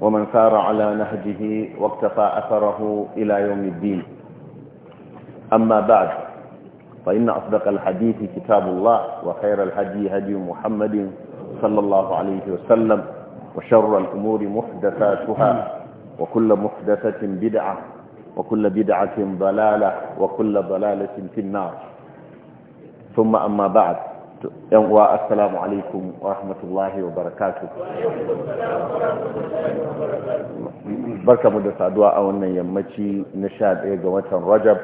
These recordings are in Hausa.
ومن سار على نهجه واقتفى أثره إلى يوم الدين أما بعد فإن أصدق الحديث كتاب الله وخير الهدي هدي محمد صلى الله عليه وسلم وشر الأمور محدثاتها وكل محدثة بدعة وكل بدعة ضلالة وكل ضلالة في النار ثم أما بعد yan uwa assalamu alaikum wa rahmatullahi wa barakatu barkamu da saduwa a wannan yammaci na sha ga watan rajab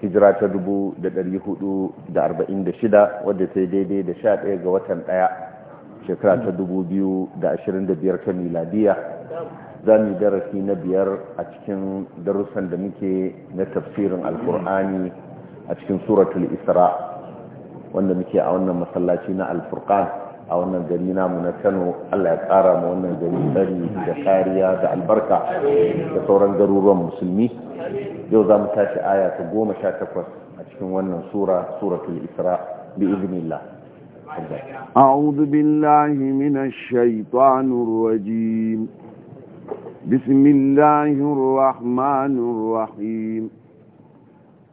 hijira ta dubu da da da hudu shida wadda sai daidai da sha ɗaya ga watan ɗaya shekara ta dubu biyu da da biyar ta miladiya za mu darasi na biyar a cikin darussan da muke na tafsirin alkur'ani a cikin suratul isra' wanda muke a wannan masallaci na alfurqan a wannan gari namu na Kano Allah ya ƙara mu wannan gari tsari da kariya da albarka da sauran garuruwan musulmi yau za mu tashi aya ta 18 a cikin wannan sura suratul isra bi iznillah أعوذ بالله من الشيطان الرجيم بسم الله الرحمن الرحيم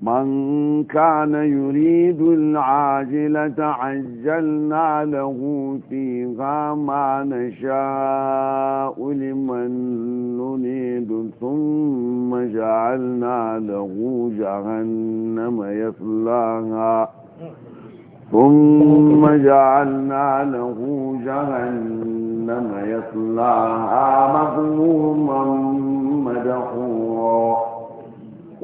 من كان يريد العاجلة عجلنا له فيها ما نشاء لمن نريد ثم جعلنا له جهنم يصلاها ثم جعلنا له جهنم يصلاها مظلوما مدحورا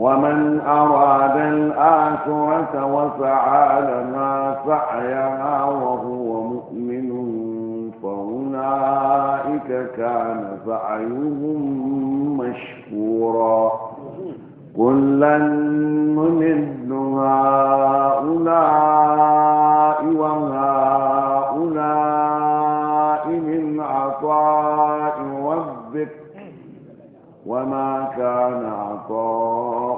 ومن أراد الآخرة وسعى لها سعيها وهو مؤمن فأولئك كان سعيهم مشكورا كلا نمد هؤلاء وهؤلاء من عطاء ربك وما كان عطاء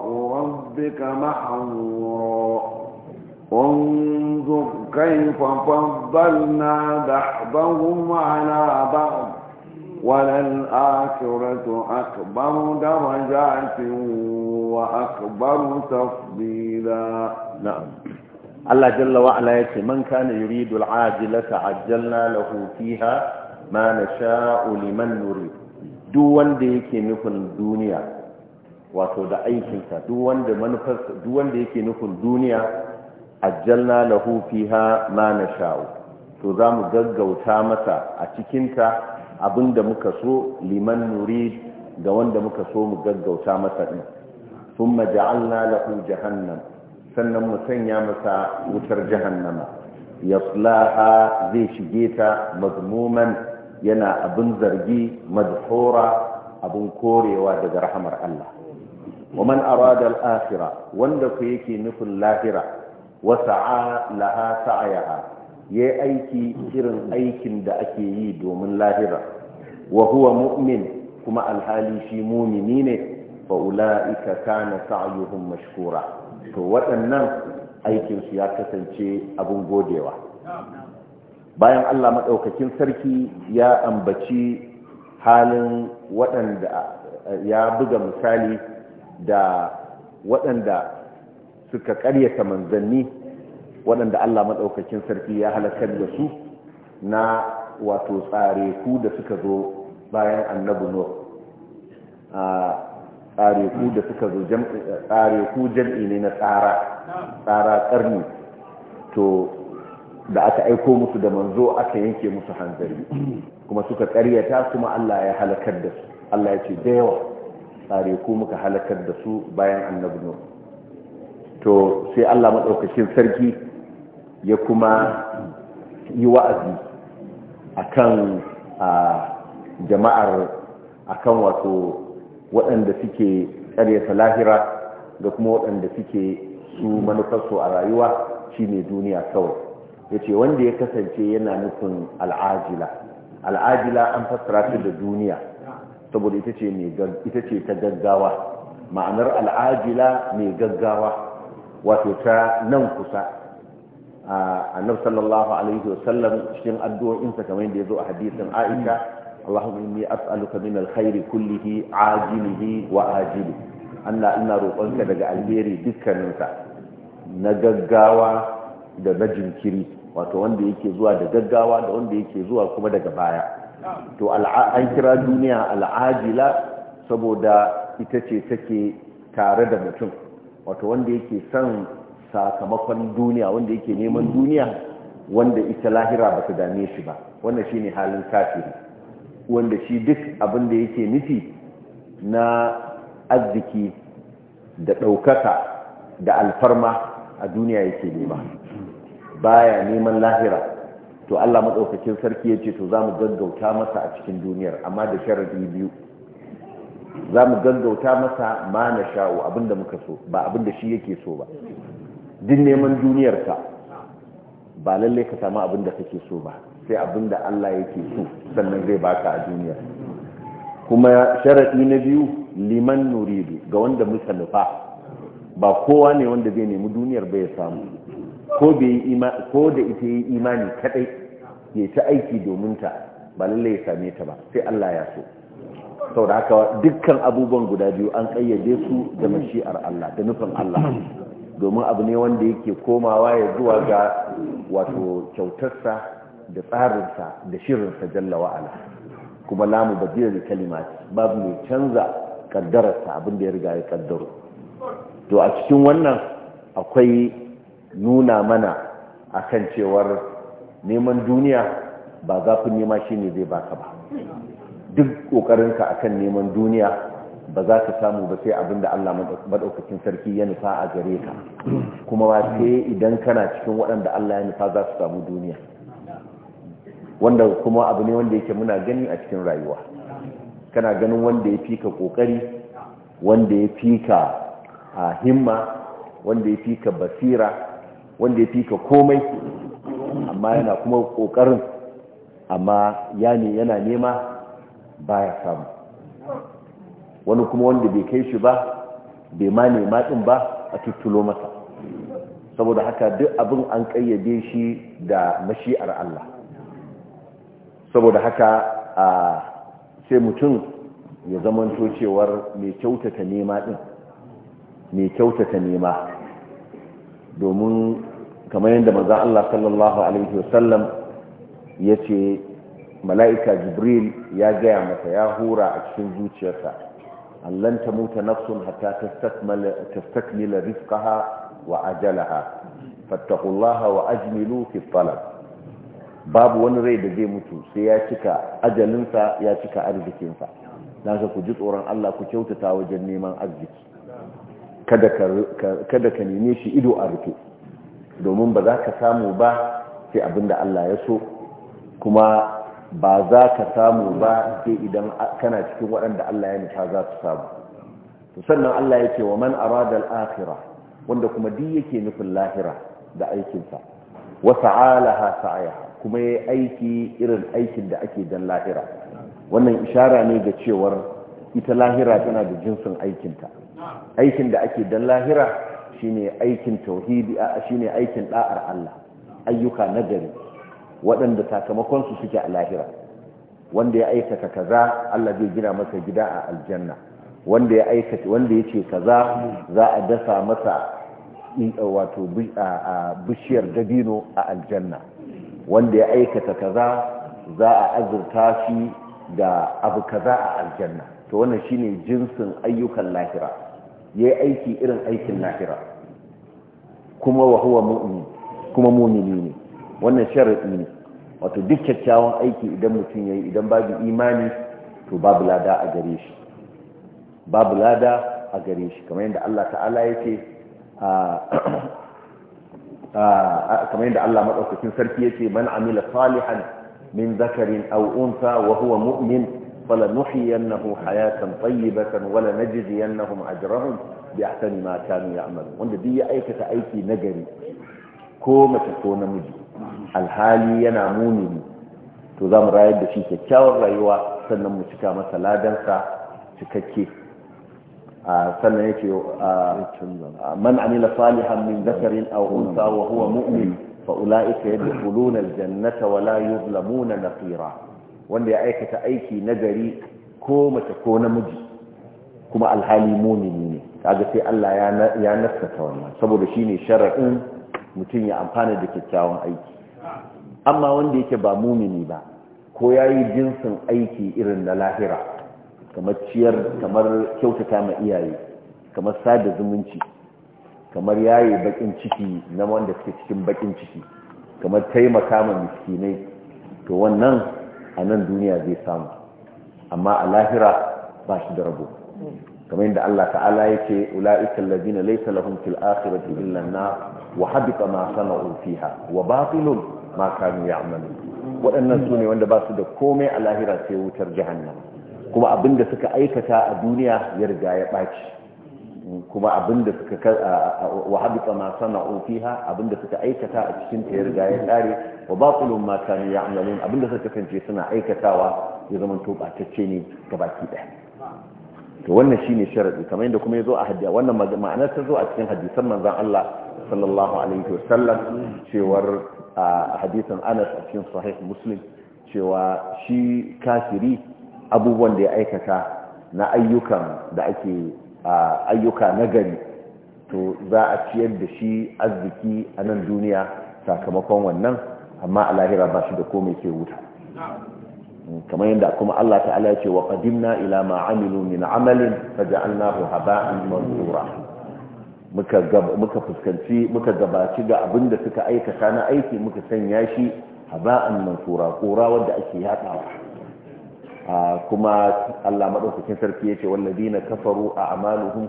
ربك محورا انظر كيف فضلنا بعضهم على بعض وللآخرة أكبر درجات وأكبر تفضيلا نعم الله جل وعلا يتي من كان يريد العاجلة عجلنا له فيها ما نشاء لمن نريد دون ديك نفن الدنيا wato da aikinsa duk wanda manufar duk wanda yake nufin duniya ajjalna lahu fiha ma nasha'u to zamu gaggauta masa a cikin ta abinda muka so liman nurid ga wanda muka so mu gaggauta masa din thumma ja'alna lahu jahannam sannan mu sanya masa wutar jahannama yaslaha zai shige ta mazmuman yana abin zargi madhura abin korewa daga rahamar Allah wa man arada al-akhirah wanda ku yake nufin lahira wa sa'a laha sa'ayaha yayi aiki irin aikin da ake yi domin lahira wa mu'min kuma alhali shi mumini ne fa ulaika kana sa'yuhum mashkura to waɗannan aikin su ya kasance abin godewa bayan Allah madaukakin sarki ya ambaci halin waɗanda ya buga misali da waɗanda suka ƙaryata manzanni waɗanda Allah maɗaukakin sarki ya halakar da su na wato tsare ku da suka zo bayan annabu tsare ku da suka zo tsare ku jam'i ne na tsara tsara ƙarni to da aka aiko musu da manzo aka yanke musu hanzari kuma suka ƙaryata kuma Allah ya halakar da su Allah ya ce da yawa tsare ku muka halakar da su bayan annabi nuh to sai Allah madaukakin sarki ya kuma yi wa'azi akan jama'ar akan wato waɗanda suke sa lahira da kuma waɗanda suke su manufarsu a rayuwa shine duniya kawai ya ce wanda ya kasance yana nufin al'ajila al'ajila an fassara ta da duniya saboda ita ce ta gaggawa ma'anar al'ajila mai gaggawa wato ta nan kusa annabi sallallahu alaihi wasallam cikin addu'o'insa kamar yadda ya zo a hadisin Aisha اللهم إني أسألك من الخير كله عاجله وآجله أن إن روقنك دقى البيري دكا Na gaggawa da na jinkiri wato wanda yake zuwa da gaggawa da wanda yake zuwa kuma daga baya to an kira duniya al'ajila saboda ita ce take tare da mutum wato wanda yake son sakamakon duniya wanda yake neman duniya wanda ita lahira ba ta dame shi ba Wanda shi ne halin kafiri wanda shi duk abin da yake nufi na arziki da ɗaukaka da alfarma a duniya yake nema baya neman lahira to Allah madaukakin sarki ya ce to za mu gaggauta masa a cikin duniyar amma da sharadi biyu Za mu gaggauta masa ma na sha'u abinda muka so ba abinda shi yake so ba din neman duniyar ka ba lalle ka samu abinda kake so ba sai abinda Allah yake so sannan zai baka a duniyar kuma sharadi na biyu liman nuridu ga wanda muka nufa ba kowa ne wanda zai nemi duniyar ba ya samu ko da ita yi imani kadai ya ta aiki domin ta ba lalle ya same ta ba sai Allah ya so sau da haka dukkan abubuwan guda biyu an kayyade su da mashi'ar Allah da nufin Allah domin abu ne wanda yake komawa ya zuwa ga wato kyautarsa da tsarinsa da shirinsa jalla wa'ala kuma lamu bajiyar da kalimati babu mai canza kaddararsa abin da ya riga ya kaddaro to a cikin wannan akwai nuna mana a kan cewar neman duniya ba za zafin nema shi ne zai baka ba duk kokarinka kan neman duniya ba za ka samu ba sai abin da Allah maɗaukacin sarki ya nufa a gare ka kuma ba sai idan kana cikin waɗanda Allah ya nufa za su samu duniya wanda kuma abu ne wanda yake muna gani a cikin rayuwa kana ganin wanda ya fika ƙoƙari wanda ya fika a himma wanda ya fika basira wanda ya fi ka komai amma yana kuma ƙoƙarin amma ya ne yana nema ba ya samu wani kuma wanda bai kai shi ba bai ma nema ɗin ba a tuttulo masa saboda haka duk abin an ƙayyade shi da mashi'ar Allah saboda haka a sai mutum ya zamanto cewar mai kyautata nema ɗin mai kyautata nema domin kamar yadda manzan Allah sallallahu alaihi wasallam ya ce mala'ika jibril ya gaya masa ya hura a cikin zuciyarsa allan ta mutu nafsun hatta tastakmila rizqaha wa ajalaha fattaqullaha wa ajmilu fi babu wani rai da zai mutu sai ya cika ajalinsa ya cika arzikinsa na ku ji tsoron Allah ku kyautata wajen neman arziki kada ka neme shi ido a rufe domin ba za ka samu ba sai abin da Allah ya so kuma ba za ka samu ba sai idan kana cikin waɗanda Allah ya nufa za su samu to sannan Allah ya ce wa man arada al wanda kuma di yake nufin lahira da aikinsa wasa sa'alaha sa'ayaha kuma yayi aiki irin aikin da ake dan lahira wannan ishara ne ga cewar ita lahira tana da jinsin aikinta aikin da ake dan lahira shine aikin tauhidi shine aikin ɗa'ar Allah ayyuka na gari. waɗanda sakamakonsu suke a lahira wanda ya aikata kaza Allah zai gina masa gida a aljanna wanda ya aikata wanda kaza za a dasa masa wato bishiyar dabino a aljanna wanda ya aikata kaza za a azurta shi da abu kaza a aljanna to wannan shine jinsin ayyukan lahira ya yi aiki irin aikin lahira kuma wa huwa mu'min kuma mumini ne wannan sharaɗi ne wato duk kyakkyawan aiki idan mutum ya yi idan babu imani to babu lada a gare shi babu lada a gare shi kamar yadda Allah ta'ala yake kamar yadda Allah maɗaukakin sarki yake man amila salihan min zakarin aw unsa wa huwa mu'min فلنحيينه حياة طيبة ولنجزينهم أجرهم بأحسن ما كانوا يعملون وانده دي أيكة نجري كومة كونا مجي الحالي يناموني تظام رايد بشي كتاو الرأيوة سنمو شكامة لا دنسا شككي آه، سنة يكي آه، من عمل صالحا من ذكر أو انثى وهو مؤمن فأولئك يدخلون الجنة ولا يظلمون نقيرا wanda ya aikata aiki nagari ko mace ko namiji kuma alhali mumini ne kaga sai Allah ya ta wannan saboda shine shar'in mutum ya amfana da kyakkyawan aiki amma wanda yake ba mumini ba ko yayi jinsin aiki irin na lahira kamar ciyar kamar kyautata ma iyaye kamar sada zumunci kamar yaye bakin ciki na wanda suke cikin bakin ciki kamar taimaka ma miskinai to wannan a nan duniya zai samu amma a lahira ba shi da rabo kamar yadda Allah ta'ala ya ce ula'ika allazina laysa lahum fil akhirati illa na wa habita ma sana'u fiha wa batilun ma kanu ya'malun waɗannan su ne wanda ba su da komai a lahira sai wutar jahannam kuma abinda suka aikata a duniya ya riga ya ɓaci kuma abinda suka wa ma sana'u abinda suka aikata a cikin ta ya riga ya kare wa batilun ma kanu ya'malun abinda suka kasance suna aikatawa ya zama to batacce ne gabaki ɗaya to wannan shine sharadi kamar yadda kuma zo a hadiya wannan ma'anar ta zo a cikin hadisan manzon Allah sallallahu alaihi wasallam cewar a hadisan Anas a cikin sahih Muslim cewa shi kafiri abubuwan da ya aikata na ayyukan da ake A ayyuka na gari to za a ciyar da shi arziki a nan duniya sakamakon wannan amma a lahira ba shi da komai ke wuta kamar yadda kuma Allah ta'ala ya ce wa qadimna ila ma amilu min amalin faja'alnahu haba'an mansura muka muka fuskanci muka gabaci ga abin da suka aikata na aiki muka sanya shi haba'an mansura kora wanda ake yadawa kuma Allah madaukakin sarki yace na kafaru a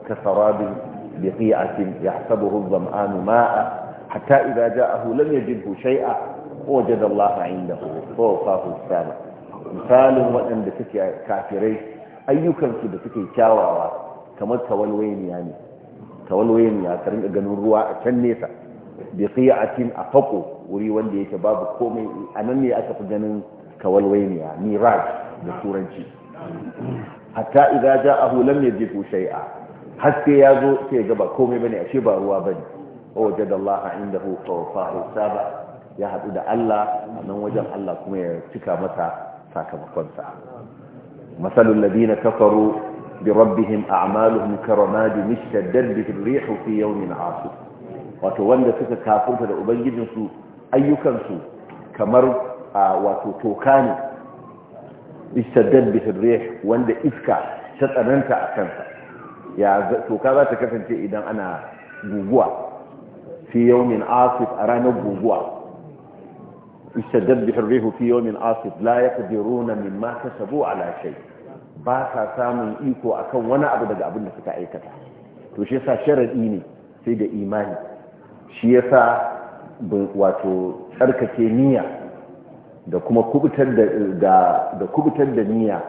kasarabin biqi'atin yahsabuhu adh-dhama'anu ma'a hatta idza ja'ahu lam yajidhu shay'a wajada Allah 'indahu fawqahu as-sama misalin waɗanda suke kafirai ayyukansu da suke kyawawa kamar tawalwayniya ne tawalwayniya ka rinka ganin ruwa a can nesa biqi'atin a fako wuri wanda yake babu komai anan ne aka fi ganin tawalwayniya miraj da turanci hatta idza ja'ahu lam yajidu shay'a har Haske ya zo sai ga ba komai bane ashe ba ruwa bane wa inda indahu fawfahu saba ya hadu da Allah a nan wajen Allah kuma ya cika masa sakamakon sa masalul ladina kafaru bi rabbihim a'maluhum karamadi mishtaddat bihi ar-rih fi yawmin 'asif wato wanda suka kafurta da ubangijinsu ayyukansu kamar wato toka ne istaddad bi rih wanda iska ta tsananta a kansa ya toka za ta kasance idan ana guguwa fi yawmin asif a ranar guguwa istaddad bi rih fi yawmin asif la yaqdiruna mimma kasabu ala shay ba ka samun iko akan wani abu daga abin da suka aikata to shi yasa sharadi ne sai da imani shi sa wato tsarkake niyya da kuma kubutar da da kubutar da niyya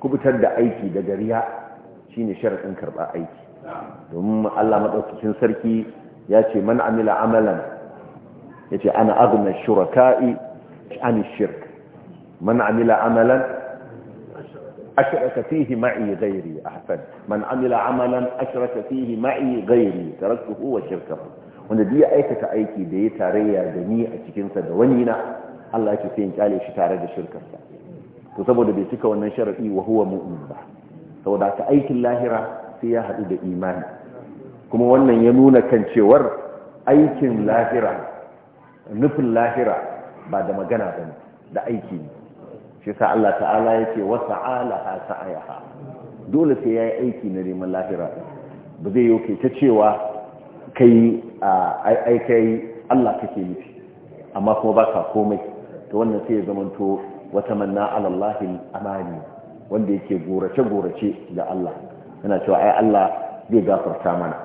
kubutar da aiki daga riya shine sharadin karba aiki domin Allah madaukakin sarki ya ce man amila amalan yace ana aghna shuraka'i an shirk man amila amalan ashraka fihi ma'i ghairi ahsan man amila amalan ashraka fihi ma'i ghairi taraktuhu wa shirkahu wanda duk ya aikata aiki da ya tarayya da ni a cikin sa da wani na Allah yake sai in kyale shi tare da shirkarsa to saboda bai cika wannan sharadi wa huwa mu'min ba saboda ka aikin lahira sai ya hadu da imani kuma wannan ya nuna kan cewar aikin lahira nufin lahira ba da magana bane da aiki ne shi sa Allah ta'ala yake wa ta'ala sa'ayaha dole sai yayi aiki na neman lahira ba zai yoke ta cewa kai a aikai Allah kake nufi amma kuma baka komai ta wannan sai ya zamanto wata manna alallahi amani wanda yake gorace-gorace ga Allah yana cewa ai Allah zai gafarta mana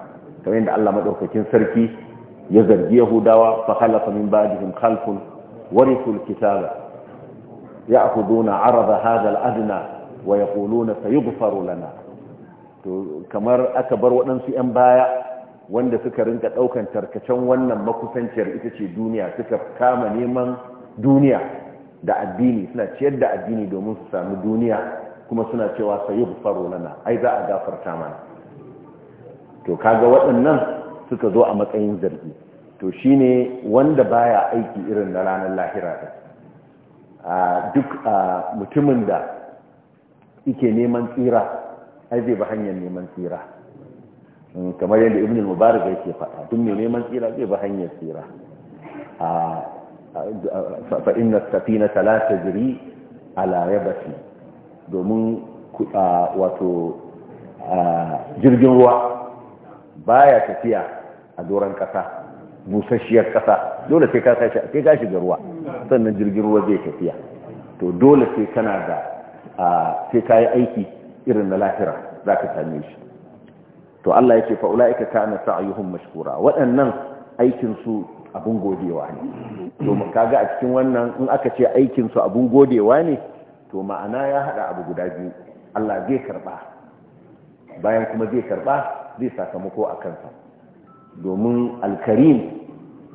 kamar yadda Allah madaukakin sarki ya zargi Yahudawa fa khalafa min ba'dihim khalfun warithu al-kitaba ya'khuduna 'arada hadha al-adna wa yaquluna sayughfaru lana to kamar aka bar waɗansu 'yan baya wanda suka rinka ɗaukan tarkacen wannan makusanciyar ita ce duniya suka kama neman duniya da addini suna ciyar da addini domin su sami duniya kuma suna cewa sai faro lana ai za a gafarta mana to kaga waɗannan suka zo a matsayin zargi to shine wanda baya aiki irin na ranar lahira ta duk mutumin da yake neman tsira ai zai ba hanyar neman tsira hmm, kamar yadda ibn mubarak yake faɗa duk mai neman tsira zai ba hanyar tsira Faɗin fa'inna safina talata jiri ala yabasi domin wato jirgin ruwa baya tafiya a doron ƙasa, busasshiyar ƙasa dole sai ka kashi ga ruwa sannan jirgin ruwa zai tafiya to dole sai kana da sai ka yi aiki irin na lahira za ka same shi to Allah ya ce fa'ula'ika ka na sa'ayuhun mashkura waɗannan aikinsu abun godewa ne to kaga a cikin wannan in aka ce aikin su abun godewa ne to ma'ana ya hada abu guda biyu Allah zai karba bayan kuma zai karba zai sakamako a kansa domin alkarim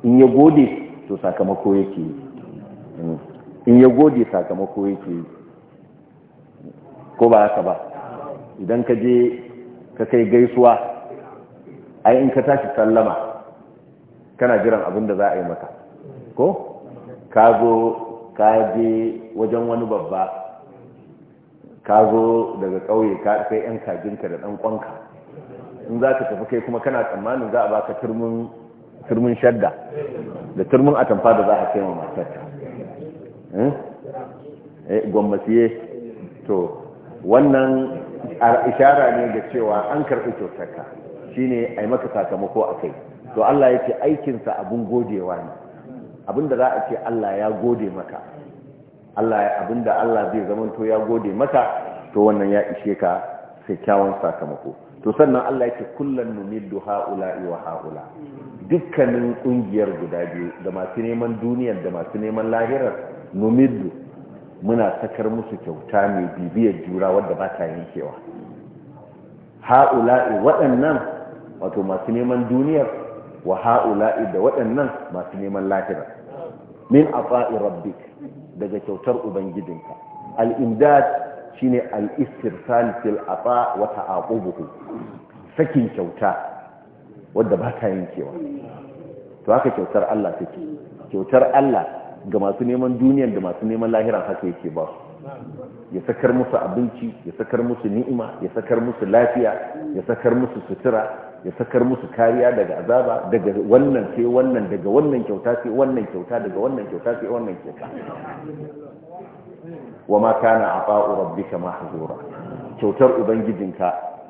in ya gode to sakamako yake hmm. in ya gode sakamako yake ko ba haka ba idan ka je ka kai gaisuwa ai in ka tashi sallama kana jiran abin da za a yi maka ko ka zo ka je wajen wani babba ka zo daga ƙauye ka kai 'yan kajinka da ɗan kwanka in za ka tafi kai kuma kana tsammanin za a baka turmin shadda da turmin atamfa da za a kai ma matarka eh? eh, gwammatiye to wannan ishara ne da cewa an karɓi kyautarka shine a yi maka sakamako a kai to Allah yake aikinsa abun godewa ne abinda za a ce Allah ya gode maka Allah abinda Allah zai zamanto ya gode maka to wannan ya ishe ka kyawun sakamako to sannan Allah yake kullan numiddu ha'ula wa haula dukkanin ƙungiyar guda biyu da masu neman duniyar da masu neman lahirar numiddu muna sakar musu kyauta mai bibiyar jura wadda ba ta yankewa ha'ula'i waɗannan wato masu neman duniyar wa ha'ula'i da waɗannan masu neman lahira min afa'i rabbi daga kyautar ubangijinka al shi shine al-istirsal a afa wata ta'aqubuhu sakin kyauta wadda ba ta yankewa to haka kyautar Allah take kyautar Allah ga masu neman duniyar da masu neman lahira haka yake ba ya sakar musu abinci ya sakar musu ni'ima ya sakar musu lafiya ya sakar musu sutura ya sakar musu kariya daga azaba daga wannan sai wannan daga wannan kyauta sai wannan kyauta daga wannan kyauta sai wannan kyauta wa ma kana afa'u rabbika mahzura kyautar ubangijinka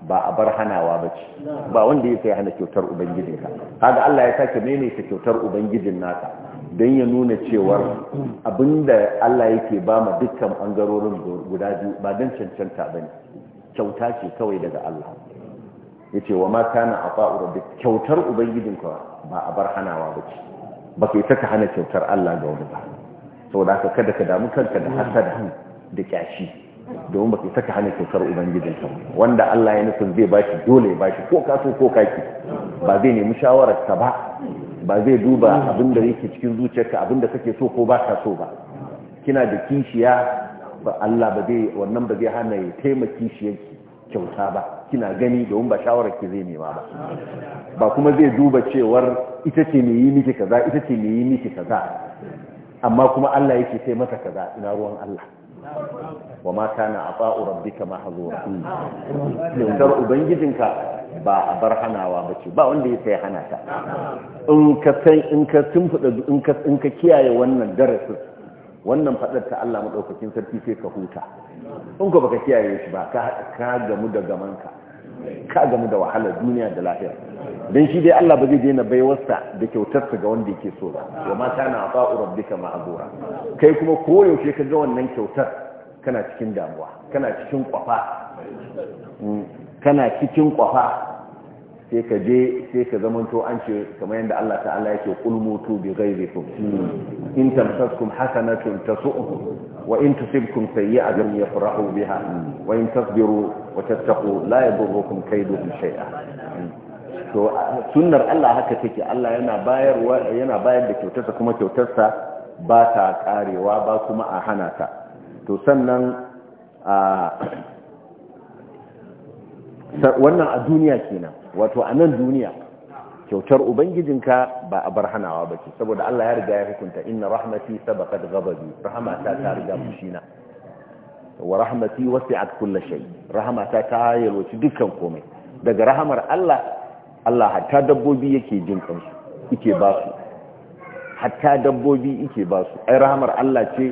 ba a bar hanawa ba ce ba wanda ya sai hana kyautar ubangijinka haka Allah ya sake maimaita kyautar ubangijin naka don ya nuna cewar abinda Allah yake ba mu dukkan bangarorin guda biyu ba don cancanta ba ne kyauta ce kawai daga Allah yace wa ma kana ata'u rabbik kyautar ka ba a bar hanawa ba ce ba kai ta hana kyautar Allah ga wani ba saboda haka kada ka damu kanka da hasada da kyashi domin ba kai ta hana kyautar ubangijinka wanda Allah ya nufin zai bashi dole ya bashi ko ka so ko ka ki ba zai nemi shawarar ka ba ba zai duba abin da yake cikin zuciyarka abin da kake so ko ba ka so ba kina da kishiya ba Allah ba zai wannan ba zai hana ya taimaki shi kyauta ba kina gani domin ba shawarar ki zai nema ba ba kuma zai duba cewar ita ce me yi miki kaza ita ce me yi miki kaza amma kuma Allah yake sai mata kaza ina ruwan Allah wa ma kana afa'u rabbika mahzura dar ubangijinka ba a bar hanawa ce ba wanda ya sai hana ta in ka san in ka tumfuda in ka in ka kiyaye wannan darasin wannan fadar ta Allah madaukakin sarki sai ka huta in ko baka kiyaye shi ba ka ka gamu da gamanka ka gamu da wahalar duniya da lahiyar don shi dai Allah ba zai daina baiwarsa da kyautarsa ga wanda yake so ba wa ma kana ba'u a ma'azura kai kuma ko yaushe ka ga wannan kyautar kana cikin damuwa kana cikin kwafa hmm, kana cikin kwafa sai ka je sai ka zamanto an ce kamar yadda Allah ta'ala yake qul mutu bi ghayrikum in tamsaskum hasanatun tasu'uhum wa in tusibkum sayyi'atun yafrahu biha wa in tasbiru wa tattaqu la yadurrukum kayduhum shay'a to sunnar Allah haka take Allah yana bayarwa yana bayar da kyautarsa kuma kyautarsa ba ta karewa ba kuma a hana ta to sannan a wannan a duniya kenan wato a nan duniya kyautar ubangijinka ba a bar hanawa ba ce saboda Allah ya riga ya hukunta inna rahmati sabaqat ghadabi rahmata ta riga mushina wa rahmati wasi'at kull shay rahmata ta yalwaci dukkan komai daga rahamar Allah Allah hatta dabbobi yake jin kansu yake ba su hatta dabbobi yake ba su ai rahamar Allah ce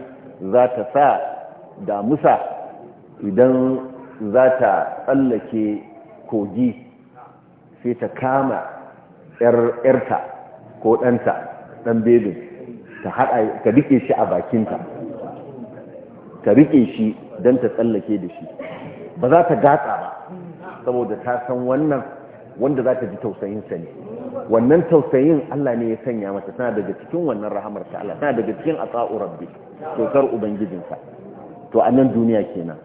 za ta sa damusa idan za ta tsallake kogi sai ta kama ‘yarta ko ɗanta ɗan bebin ta haɗa ka rike shi a bakinta ta rike shi don ta tsallake da shi ba za ta gatsa ba saboda ta san wannan wanda za ta ji tausayinsa ne wannan tausayin Allah ne ya sanya mata tana daga cikin wannan rahamar ta Allah tana daga cikin asa'u rabbi tokar ubangijinsa to a nan duniya kenan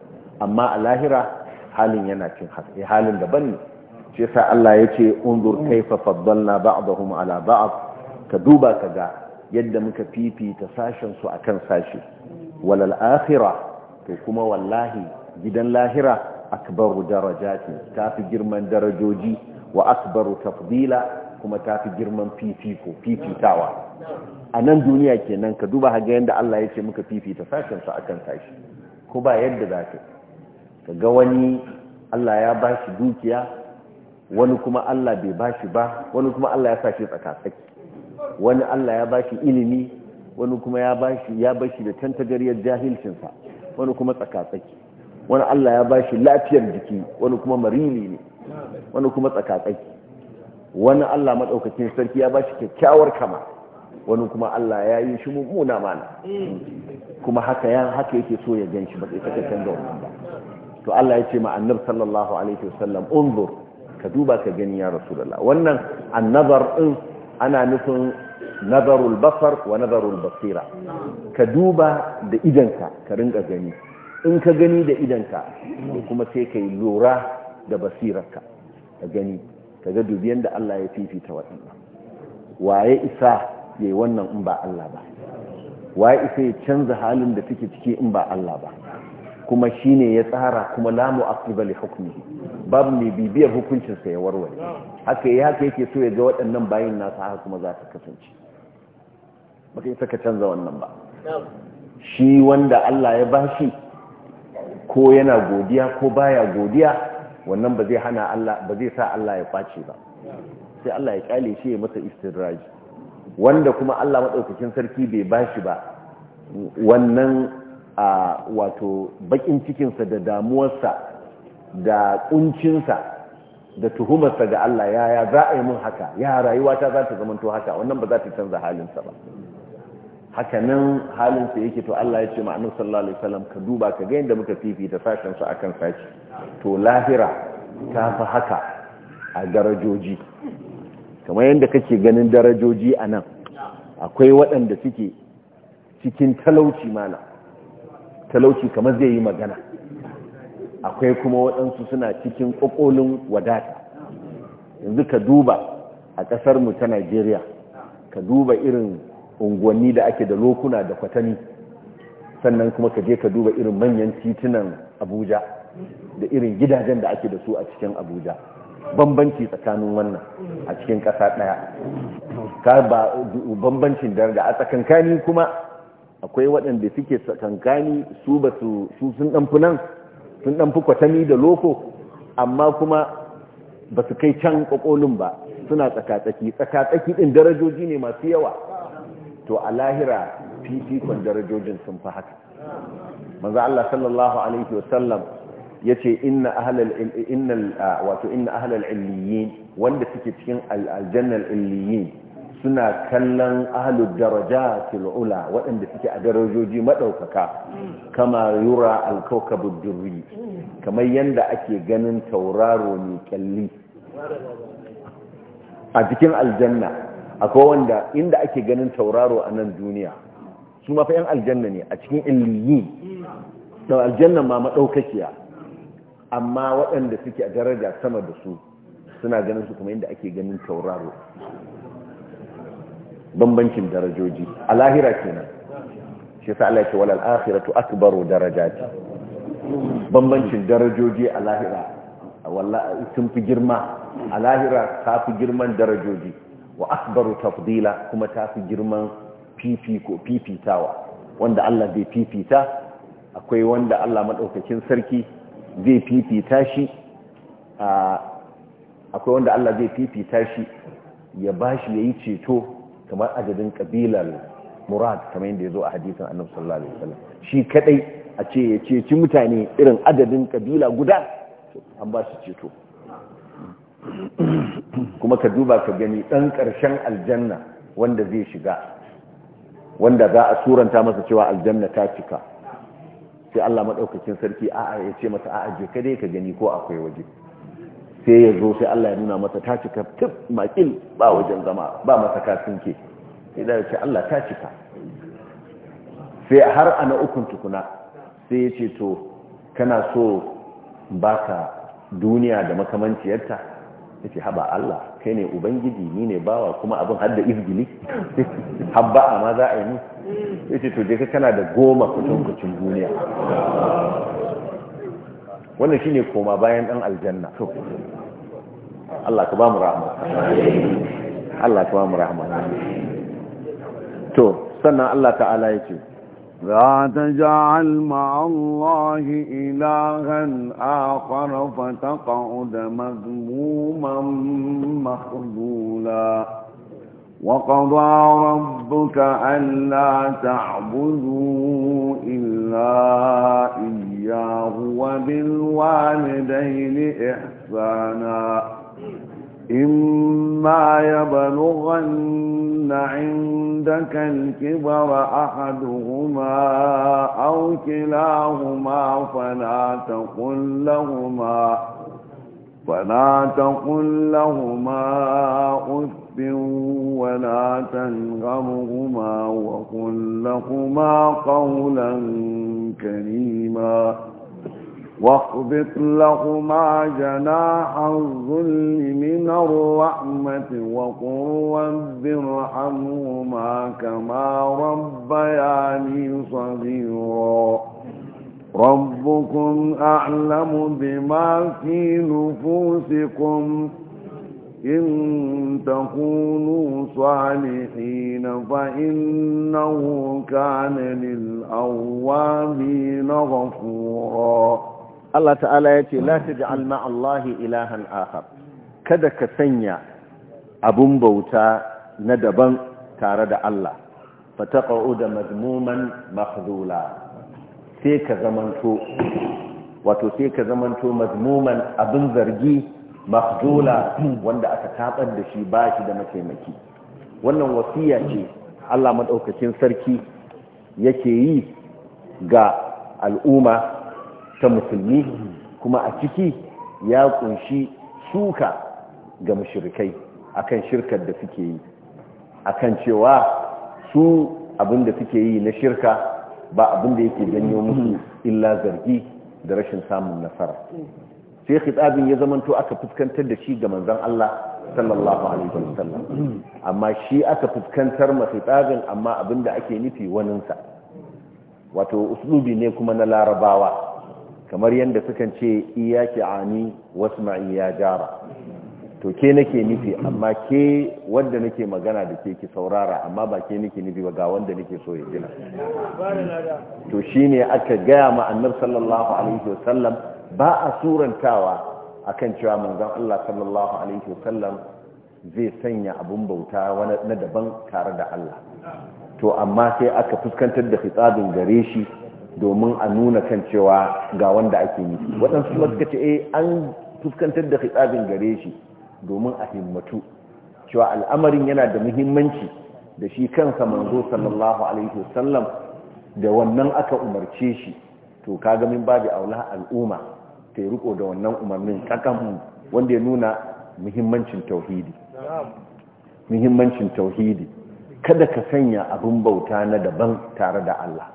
amma a lahira halin yana cin halin daban ne shi sa Allah ya ce unzur kaifa faddalna ba'dahum ala ba'd ka duba ka ga yadda muka fifita sashen su akan sashi walal akhirah to kuma wallahi gidan lahira akbaru darajati tafi girman darajoji wa akbaru tafdila kuma tafi girman fifiko fifitawa a nan duniya kenan ka duba haga yadda Allah ya ce muka fifita sashen su akan sashi ko ba yadda za ka ga wani Allah ya ba shi dukiya wani kuma Allah bai bashi ba wani kuma Allah ya sashi tsakatsaki wani Allah ya bashi ilimi wani kuma ya bashi ya bashi da tantagariyar jahilcinsa wani kuma tsakatsaki wani Allah ya bashi lafiyar jiki wani kuma marini ne wani kuma tsakatsaki wani Allah madaukakin sarki ya bashi kyakkyawar kama wani kuma Allah ya yi shi mummuna mana kuma haka ya haka yake so ya ganshi ba sai ka canza wannan ba to Allah ya ce ma annabi sallallahu alaihi wasallam unzur ka duba ka gani ya rasulullah wannan annazar in ana nufin nazarul basar wa nazarul basira ka duba da idanka ka rinka gani in ka gani da idanka kuma sai ka yi lura da basirarka ka gani ka ga dubiyan da Allah ya fifita waɗannan waye isa ya yi wannan in ba Allah ba waye isa ya canza halin da suke ciki in ba Allah ba kuma shi ne ya tsara kuma lamu aqiba li babu mai bibiyar hukuncinsa ya warware haka yi haka yake so ya ga waɗannan bayin nasa haka kuma za ta kasance baka yi ka canza wannan ba shi wanda Allah ya bashi ko yana godiya ko baya godiya wannan ba zai hana Allah ba zai sa Allah ya kwace ba sai Allah ya kyale shi ya masa istirraji wanda kuma Allah madaukakin sarki bai ba shi ba wannan a wato bakin cikinsa da damuwarsa da kuncinsa da tuhumarsa ga Allah ya ya za a yi mun haka ya rayuwata za ta zamanto haka wannan ba za ta canza halinsa ba haka nan halinsa yake to Allah ya ce ma'anar sallallahu alaihi wasallam ka duba ka ga yadda muka fifita su akan sashi to lahira ta fi haka a darajoji kamar yadda kake ganin darajoji a nan akwai waɗanda suke cikin talauci mana talauci kamar zai yi magana akwai kuma waɗansu suna cikin ƙoƙolin wadata yanzu ka duba a ƙasarmu ta najeriya ka duba irin unguwanni da ake da lokuna da kwatani sannan kuma ka je ka duba irin manyan titunan abuja da irin gidajen da ake da su a cikin abuja bambanci tsakanin wannan a cikin ƙasa ɗaya ba bambancin da a tsakankani kuma akwai waɗanda suke kankani su ba su sun ɗanfi nan sun ɗanfi kwatami da loko amma kuma ba su kai can ƙwaƙolin ba suna tsakatsaki tsakatsaki ɗin darajoji ne masu yawa to a lahira fifikon darajojin sun fi haka manzo Allah sallallahu alaihi wasallam yace inna ahlal inna wato inna ahlal illiyin wanda suke cikin aljannar illiyin suna kallon ahlud daraja ula waɗanda suke a darajoji maɗaukaka kama yura alkaukabud durri kamar yadda ake ganin tauraro mai kyalli a cikin aljanna akwai wanda inda ake ganin tauraro a nan duniya su mafi yan aljanna ne a cikin illiyi da aljanna ma maɗaukakiya amma waɗanda suke a daraja sama da su suna ganin su kuma inda ake ganin tauraro bambancin darajoji a lahira kenan shi sa Allah ya ce walal akhiratu akbaru darajati bambancin darajoji a lahira wallahi sun fi girma a lahira ta fi girman darajoji wa akbaru tafdila kuma ta fi girman ko fifitawa wanda Allah zai pipita akwai wanda Allah madaukakin sarki zai pipita shi akwai wanda Allah zai fifita shi ya bashi yayi ceto kamar adadin kabilar murad kamar yadda ya zo a hadisan annabi sallallahu alaihi wasallam shi kadai a ce ya ceci mutane irin adadin kabila guda an ba shi ceto kuma ka duba ka gani dan karshen aljanna wanda zai shiga wanda za a suranta masa cewa aljanna ta cika sai Allah madaukakin sarki a ya ce masa a'a je kadai ka gani ko akwai waje sai ya zo sai Allah ya nuna masa ta cika tif makil ba wajen zama ba masa kasin sai da ce Allah ta cika sai har ana ukun tukuna sai ya ce to kana so baka duniya da makamanciyarta ya ce haba Allah kai ne ubangiji ni ne bawa kuma abin hadda izgili haɓa a ma za a yi ya ce to je kana da goma kucin duniya wannan shine koma bayan dan aljanna to Allah ka ba mu rahama Allah ka ba mu rahama to sannan Allah ta'ala ya ce لا تجعل مع الله إلها آخر فتقعد مذموما مخذولا وقضى ربك ألا تعبدوا إلا إياه وبالوالدين إحسانا إما يبلغن عندك الكبر أحدهما أو كلاهما فلا تقل لهما فلا تقل لهما أف ولا تنغمهما وقل لهما قولا كريما واخبط لهما جناح الذل من الرحمة وقل رب ارحمهما كما ربياني صغيرا ربكم أعلم بما في نفوسكم إن تكونوا صالحين فإنه كان للأوابين غفورا Allah ta'ala ya ce la taj'al Allahi ilahan akhar kada ka sanya abun bauta na daban tare da Allah fataqa'uda mazmuman mahdula sai ka zamanto wato sai ka zamanto mazmuman abin zargi mahdula wanda aka tabar da shi ba shi da mataimaki wannan wasiya ce Allah madaukakin sarki yake yi ga al'umma ta musulmi kuma a ciki ya kunshi suka ga mushrikai akan shirkar da suke yi akan cewa su abin suke yi na shirka ba abin yake janyo musu illa zargi da rashin samun nasara sai khitabin ya zamanto aka fuskantar da shi ga manzon Allah sallallahu alaihi wasallam amma shi aka fuskantar ma khitabin amma abinda ake nufi waninsa wato uslubi ne kuma na larabawa kamar yadda sukan ce iyaki ani wasma'i ya jara to ke nake nufi amma ke wanda nake magana da ke ki saurara amma ba ke nake nufi ba ga wanda nake so ya gina to ne aka gaya ma sallallahu alaihi wasallam ba a surantawa akan cewa manzon Allah sallallahu alaihi wasallam zai sanya abun bauta na daban tare da Allah to amma sai aka fuskantar da fitsadin gare shi domin a nuna kan cewa ga wanda ake yi waɗansu kuma suka ce eh, an fuskantar da hitsabin gare shi domin a himmatu cewa al'amarin yana da muhimmanci da shi kansa manzo sallallahu alaihi wasallam da wannan aka umarce shi to kaga min babu aula al'umma ta yi riko da wannan umarnin kakan wanda ya nuna muhimmancin tauhidi muhimmancin tauhidi kada ka sanya abin bauta na daban tare da Allah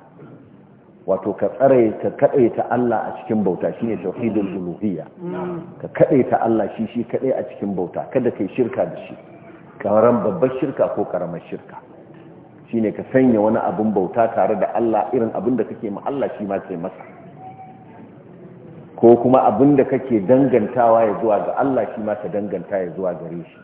wato ka tsare ka ta Allah a cikin bauta shine tauhidul uluhiyya ka ta Allah shi shi kadai a cikin bauta kada kai shirka da shi karan babbar shirka ko karamar shirka shine ka sanya wani abin bauta tare da Allah irin abin da kake ma Allah shi ma sai masa ko kuma abin da kake dangantawa ya zuwa ga Allah shi ma ka danganta ya zuwa gare shi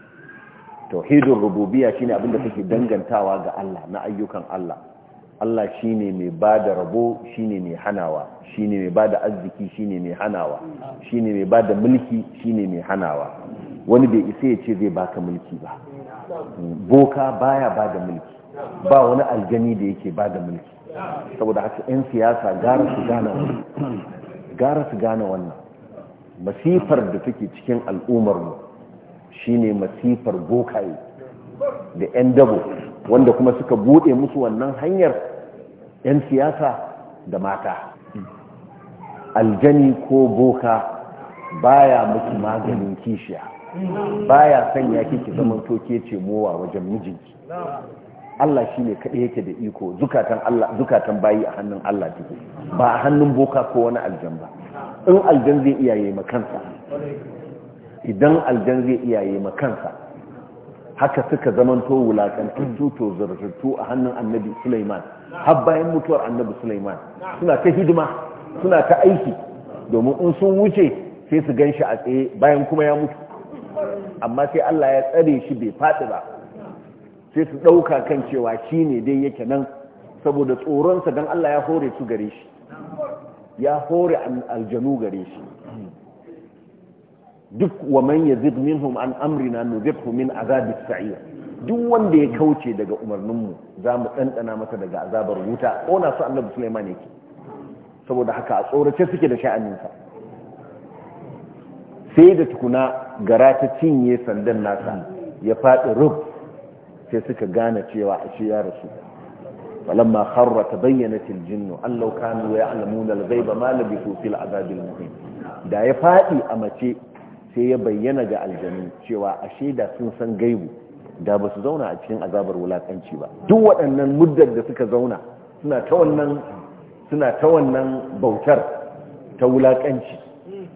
tauhidul rububiyya shine abin da kake dangantawa ga Allah na ayyukan Allah Allah shi ne mai ba da rabo shi ne mai hanawa shi ne mai ba da arziki ne mai hanawa shi ne mai ba da mulki shi ne mai hanawa wani bai isa ya ce zai baka mulki ba boka baya ba da mulki ba wani aljani da yake ba da mulki saboda haka 'yan siyasa gara su gane wannan masifar da take cikin al'ummar mu ne masifar boka da 'yan dabo wanda kuma suka bude musu wannan hanyar 'yan siyasa da mata aljani ko boka baya miki maganin kishiya baya sanya kiki zaman toke ce mowa wajen mijinki Allah shi ne kaɗai yake da iko zukatan bayi a hannun Allah take ba a hannun boka ko wani aljan ba in aljan zai iyaye makansa idan aljan zai iyaye makansa haka suka zamanto wulakantattu hmm. to zartattu a hannun annabi Sulaiman har bayan mutuwar annabi Sulaiman suna ta hidima suna ta aiki domin in sun wuce sai su ganshi a tsaye bayan kuma ya mutu amma sai Allah ya tsare shi bai faɗi ba sai su ɗauka kan cewa shi ne dai yake nan saboda tsoronsa don Allah ya hore su gare shi ya hore aljanu gare shi duk wa manya yazid minhum an amrina nuzibhu min azabis sa'ir duk wanda ya kauce daga umarninmu za mu ɗanɗana masa daga azabar wuta ƙona su annabi suleiman yake saboda haka a tsorace suke da sha'aninsa sai da tukuna gara ta cinye sandan nasa ya faɗi rub sai suka gane cewa a ce ya rasu فلما خر تبينت الجن ya alamu كانوا يعلمون ba ما لبثوا في azabin المهين da ya fadi a mace sai ya bayyana ga aljanu cewa ashe da sun san gaibu da ba su zauna a cikin azabar wulakanci ba duk waɗannan muddar da suka zauna suna ta wannan bautar ta wulakanci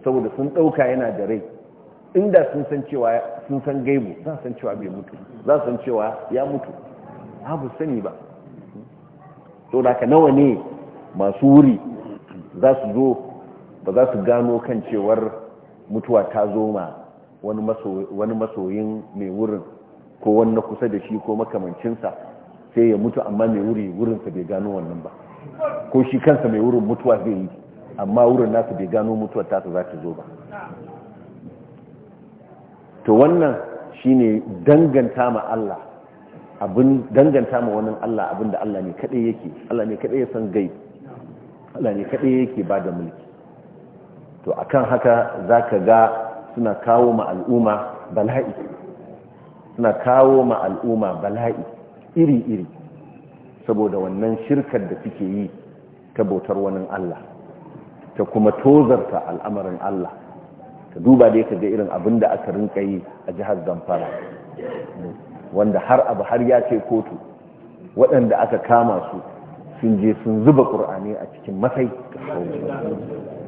saboda sun ɗauka yana da rai inda sun san cewa sun san gaibu za san cewa bai mutu za san cewa ya mutu bu sani ba da ka nawa ne masu wuri za su zo ba za su gano kan cewar mutuwa ta zo ma wani masoyin mai wurin ko wani kusa da shi ko makamancinsa sai ya mutu amma mai wuri wurinsa bai gano wannan ba ko shi kansa mai wurin mutuwa zai yi amma wurin nasu bai gano mutuwar tasa za ta zo ba to wannan shi ne danganta ma Allah abin danganta ma wannan Allah abinda Allah ne kadai yake Allah ne kadai ya san gai Allah ne kadai yake ba da mulki to a kan haka za ka ga suna kawo ma al'umma bala'i suna kawo ma al'umma bala'i iri-iri saboda wannan shirkar da suke yi ta bautar wani Allah ta kuma tozarta al'amarin Allah ta duba dai ka ga irin abin da aka rinka yi a jihar zamfara wanda har abu har ya ce kotu waɗanda aka kama su sun je sun zuba ƙur'ani a cikin matsayi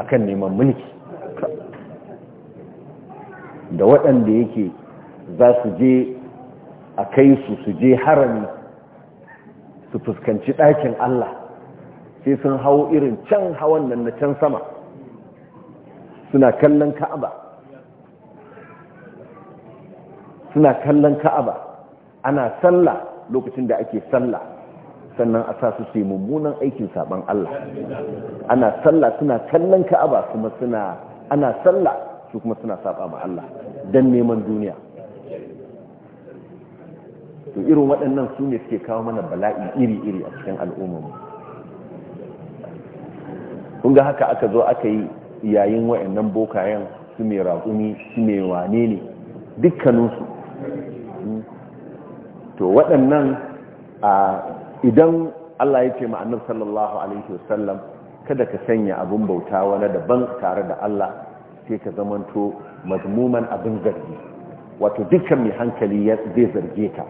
akan neman mulki da waɗanda yake za su je a kai su su je harami su fuskanci ɗakin Allah sai sun hau irin can hawan nan na can sama suna kallon ka'aba suna kallon ka'aba ana sallah lokacin da ake sallah sannan a sa su su mummunan aikin saban Allah ana sallah suna kallon ka'aba kuma suna ana sallah su kuma suna saba ma Allah don neman duniya to irin waɗannan su ne suke kawo mana bala'i iri-iri a cikin al'ummarmu kun ga haka aka zo aka yi yayin waɗannan bokayen su mai raƙumi su mai wane ne dukkaninsu to waɗannan a idan Allah ya ce ma annabi sallallahu alaihi wasallam kada ka sanya abin bauta wani daban tare da Allah sai ka zamanto mazmuman abin zargi wato dukkan mai hankali zai zarge ka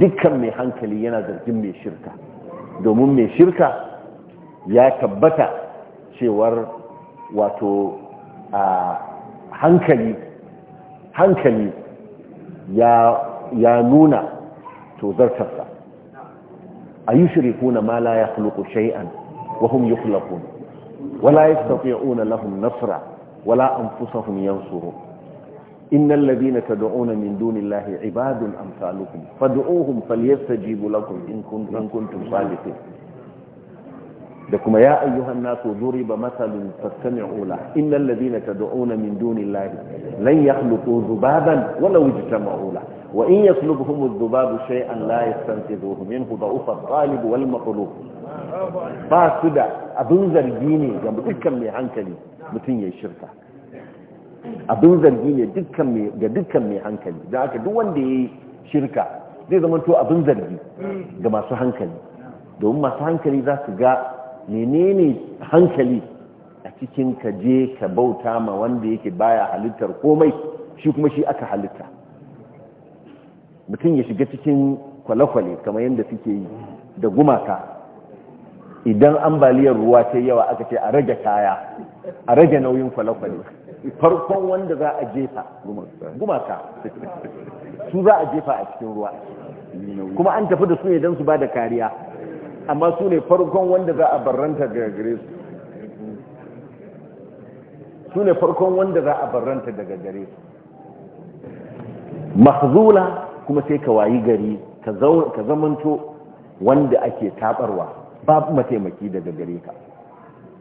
dukkan mai hankali yana zargin mai shirka domin mai shirka ya tabbata cewar wato a hankali hankali ya nuna tozartarsa ايشركون ما لا يخلق شيئا وهم يخلقون ولا يستطيعون لهم نصرا ولا انفسهم ينصرون ان الذين تدعون من دون الله عباد امثالكم فادعوهم فليستجيبوا لكم ان كنتم صادقين da kuma ya ayyuhan nasu matsalin masalun fastami'u la innal na tad'una min dunillahi lan yakhluqu zubaban wala wujita la wa in yaslubuhum adh-dhubabu shay'an la yastanqidhuhu ku da'ufa ufa talib wal makulu ba su da abin zargi ne ga dukkan mai hankali mutum ya shirka abin zargi ne ga dukkan mai hankali da aka duk wanda ya yi shirka zai zama to abin zargi ga masu hankali domin masu hankali za su ga menene hankali a cikin ka je ka bauta ma wanda yake baya halittar komai shi kuma shi aka halitta mutum ya shiga cikin kwale-kwale kamar yadda suke yi da gumaka idan ambaliyar ruwa ta yawa aka ce a rage kaya a rage nauyin kwale-kwale farkon wanda za a jefa gumaka su za a jefa a cikin ruwa kuma an tafi da su ne don su ba da kariya amma su ne farkon wanda za a barranta daga gare su su ne farkon wanda za a barranta daga gare su mahzula kuma sai ka wayi gari ka zamanto wanda ake tabarwa babu mataimaki daga gare ka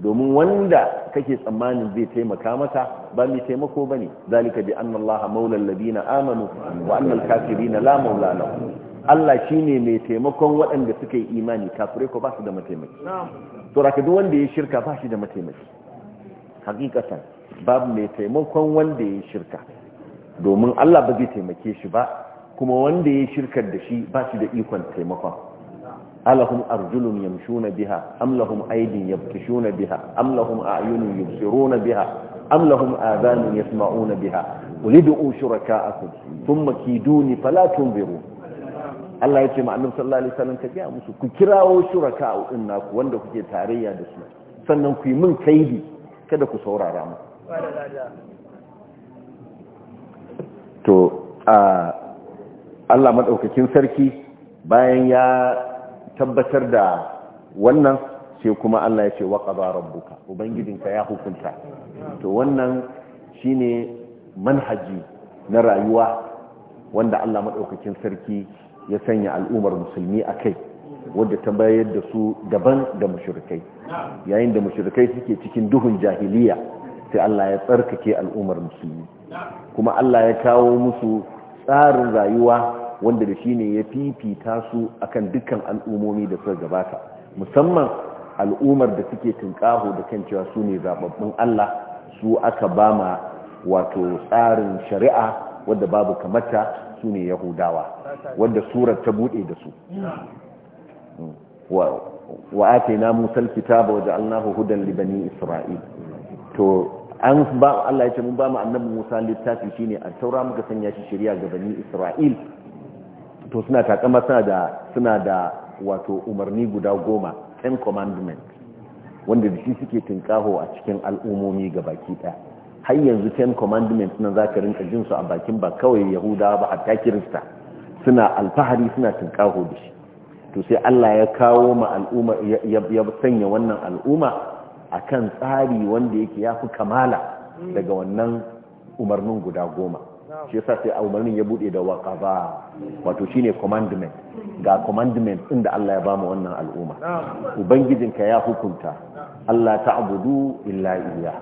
domin wanda kake tsammanin zai taimaka mata ba mai taimako ba bane zalika bi annallaha allaha maulal na amanu wa annal kafirina la maula lahum Allah shine mai taimakon waɗanda suka yi imani kafirai ko ba su da mataimaki to duk wanda ya shirka ba shi da mataimaki hakikatan babu mai taimakon wanda ya shirka domin Allah ba zai taimake shi ba kuma wanda ya shirka da shi ba shi da ikon taimakon alahum arjulun yamshuna biha am aidin yabkishuna biha am lahum a'yunun yubsiruna biha أم لهم آذان biha بها قل ادعوا شركاءكم ثم كيدوني Allah ya ce ma annabi sallallahu alaihi wasallam ka ga musu ku kirawo shuraka a din naku wanda kuke tarayya da su sannan ku yi min kaidi kada ku saurara mu to Allah madaukakin sarki bayan ya tabbatar da wannan sai kuma Allah ya ce wa qada rabbuka ubangijinka ya hukunta to wannan shine manhaji na rayuwa wanda Allah maɗaukakin sarki ya sanya al'ummar musulmi a kai wadda ta bayar da su daban da mushirikai yayin da mushirikai suke cikin duhun jahiliya sai Allah ya tsarkake al'ummar musulmi kuma Allah ya kawo musu tsarin rayuwa wanda da shine ya fifita su akan dukkan al'ummomi da suka gabata musamman al'ummar da suke tunƙaho da kan cewa su ne zababbun Allah su aka bama wato tsarin shari'a wadda babu kamata su ne yahudawa wadda surar ta bude da su wa ake na musal kitaba waje allahu hudan libani isra'il to an ba Allah ya ce mun ba mu annabi Musa littafi shine a taura muka sanya shi shari'a ga bani Isra'il to suna takama suna da suna da wato umarni guda goma ten commandment wanda da shi suke tinkaho a cikin al'umomi ga baki ɗaya har yanzu ten commandment nan ka rinka jin su a bakin ba kawai Yahudawa ba hatta Kirista suna alfahari suna tunƙaho da shi to sai Allah ya kawo ma al'umma ya sanya wannan al'umma akan tsari wanda yake yafi kamala daga wannan umarnin guda goma shi yasa sai umarnin ya bude da waqaba wato shine commandment ga commandment din da Allah ya ba mu wannan al'umma Ubangijin ka ya hukunta Allah ta'budu illa iya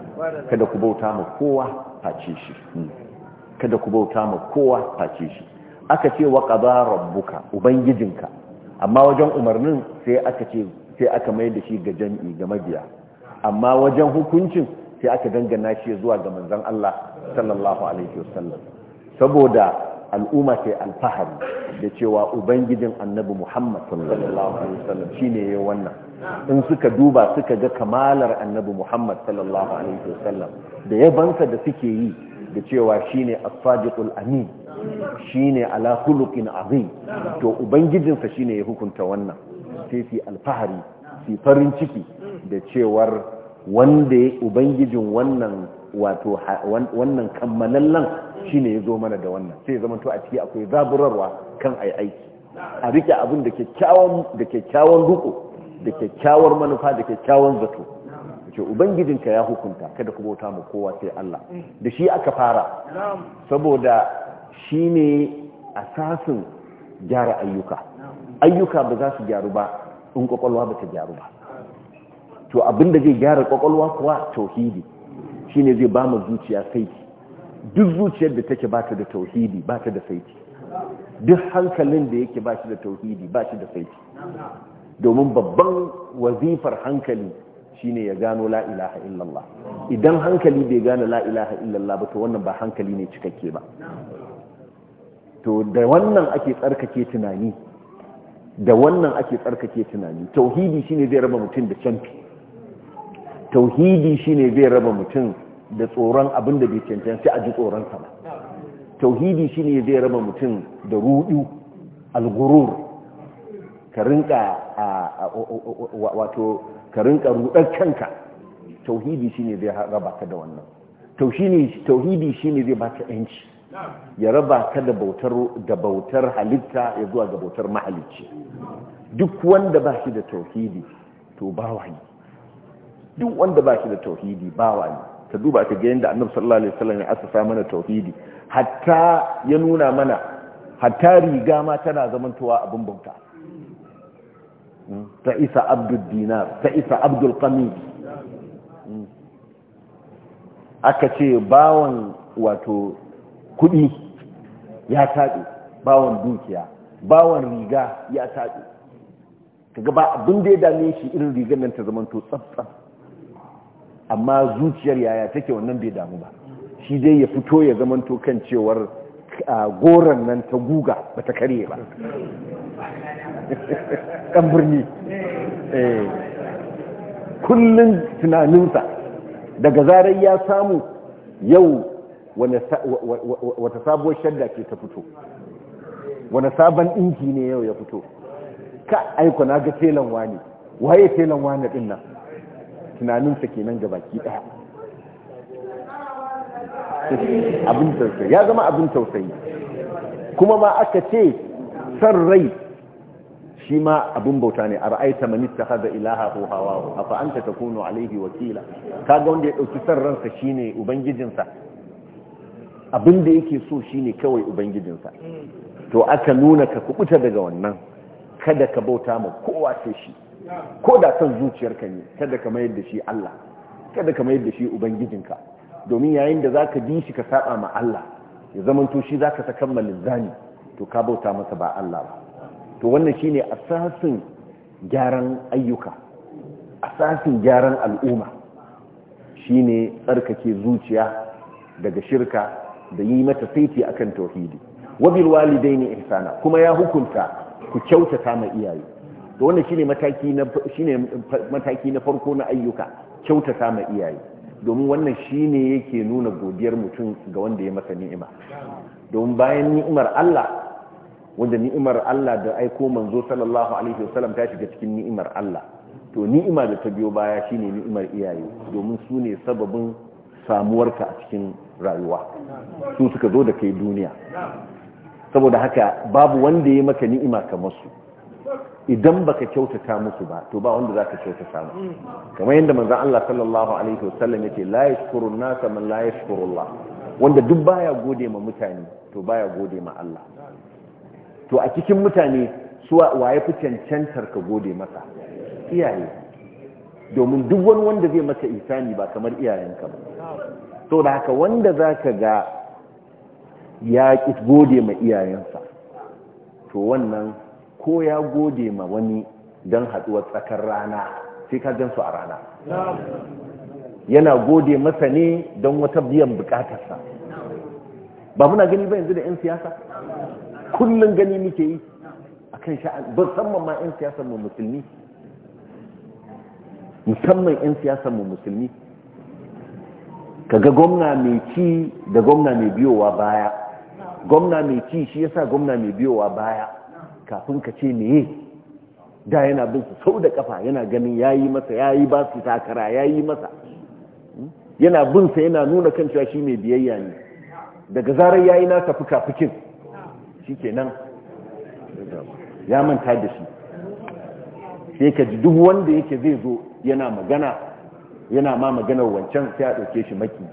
kada ku bauta ma kowa face shi hmm. kada ku bauta ma kowa face shi aka ce wa qada rabbuka ubangijinka amma wajen umarnin sai aka ce sai aka mai da shi ga jami'i ga mabiya amma wajen hukuncin sai aka dangana shi zuwa ga manzan Allah sallallahu alaihi wasallam saboda al'umma sai alfahari da cewa ubangijin annabi Muhammad sallallahu alaihi wasallam shine ya wannan in suka duba suka ga kamalar annabi Muhammad sallallahu alaihi wasallam da yabansa da suke yi da cewa shine as-sadiqul amin shine ala khuluqin azim to ubangijinsa shine ya hukunta wannan sai fi alfahari fi farin ciki da cewar wanda ya ubangijin wannan wato wannan kammalallan shine ya zo mana da wannan sai zama to a ciki akwai zaburarwa kan ai aiki a rike abin da kyakkyawan da kyakkyawan ruko da kyakkyawar manufa da kyakkyawan zato ce ubangijinka ya hukunta kada ku bauta mu kowa sai Allah da shi aka fara saboda Shi ne asasin gyara ayyuka ayyuka ba za su gyaru ba in kwakwalwa ba ta gyaru ba to abinda zai gyara kwakwalwa kuwa tauhidi ne zai ba mu zuciya saiti duk zuciyar da take ba ta da tauhidi ba ta da saiti duk hankalin da yake ba shi da tauhidi ba shi da saiti domin babban wazifar hankali shi ne ya gano la'ilaha illallah idan hankali bai gano la'ilaha illallah ba to wannan ba hankali ne cikakke ba to da wannan ake tsarkake tunani da wannan ake tsarkake tunani tauhidi shine zai raba mutum da canfi tauhidi shine zai raba mutum da tsoron abin da bai cancanci a ji tsoron sa ba tauhidi shine zai raba mutum da rudu algurur ka rinka wato ka rinka rudar kanka tauhidi shine zai raba ka da wannan tauhidi shine zai baka yanci ya raba ka da bautar da bautar halitta ya zuwa ga bautar mahalicci duk wanda ba shi da tauhidi to ba wani duk wanda ba shi da tauhidi ba wani ta duba ta ga yanda annabi sallallahu alaihi wasallam ya asasa mana tauhidi hatta ya nuna mana hatta riga ma tana zamantowa abin bauta hmm? ta isa abdul dinar ta isa abdul qamis hmm? aka ce bawan wato kuɗi ya taɗe bawan dukiya bawan riga ya taɗe kaga ba abin da ya dame shi irin rigar nan ta zamanto tsabta. amma zuciyar yaya take wannan bai damu ba shi dai ya fito ya zamanto kan cewar goron nan ta guga ba ta kare ba ɗan birni eh. kullum tunaninsa daga zarar ya samu yau wata sabuwar shadda ke ta fito wani sabon inji ne yau ya fito ka aiko na ga telan wani waye telan wani din nan tunaninsa kenan nan baki ɗaya abin tausayi ya zama abin tausayi kuma ma aka ce san rai shi ma abin bauta ne a ra'aita manista haza ilaha ko hawa a fa'anta ta kuno alaihi wakila ga wanda ya ɗauki san ransa shine ubangijinsa abin da yake so shine kawai ubangijinsa to aka nuna ka kubuta daga wannan kada ka bauta ma kowa sai shi ko da son zuciyarka ne kada ka mayar da shi Allah kada ka mayar da shi ubangijinka domin yayin da zaka bi shi ka saba ma Allah ya zamanto shi zaka ta kammala zani to ka bauta masa ba Allah ba to wannan shine asasin gyaran ayyuka asasin gyaran al'umma shine tsarkake zuciya daga shirka da yi mata saiti a kan tauhidi wa bil walidaini ihsana kuma ya hukunta ku kyautata ma iyaye to wannan shine mataki na shine mataki na farko na ayyuka kyautata ma iyaye domin wannan shine yake nuna godiyar mutum ga wanda ya masa ni'ima domin bayan ni'imar Allah wanda ni'imar Allah da aiko manzo sallallahu alaihi wasallam ta shiga cikin ni'imar Allah to ni'ima da ta biyo baya shine ni'imar iyaye domin su ne sababin samuwarka a cikin rayuwa su suka zo da kai duniya saboda haka babu wanda ya maka ni'ima kamar su idan baka kyautata musu ba to ba wanda zaka kyautata musu kamar yadda manzon Allah sallallahu alaihi wasallam yake la yashkuru nasa man la yashkuru Allah wanda duk baya gode ma mutane to baya gode ma Allah to a cikin mutane su waye fi cancantar ka gode masa iyaye domin duk wani wanda zai maka isani ba kamar iyayenka ba to da haka wanda za ka ga ya gode ma iyayensa to wannan ko ya gode ma wani don haɗuwar tsakar rana sai ka gansu a rana yana gode masa ne don wata biyan bukatarsa ba muna gani ba yanzu da 'yan siyasa kullum gani muke yi a kan sha'an samman ma 'yan siyasar mu musulmi musamman 'yan siyasar mu musulmi kaga gwamna mai ci da gwamna mai biyowa baya gwamna mai ci shi yasa gwamna mai biyowa baya kafin ka ce meye da yana bin su sau da kafa yana ganin yayi masa yayi ba su takara yayi masa hmm? yana bin sa yana nuna kan cewa shi mai biyayya ne daga zarar yayi na tafi kafikin shikenan ya manta da shi sai ka ji duk wanda yake zai zo yana magana yana ma maganar wancan sai a ɗauke shi maki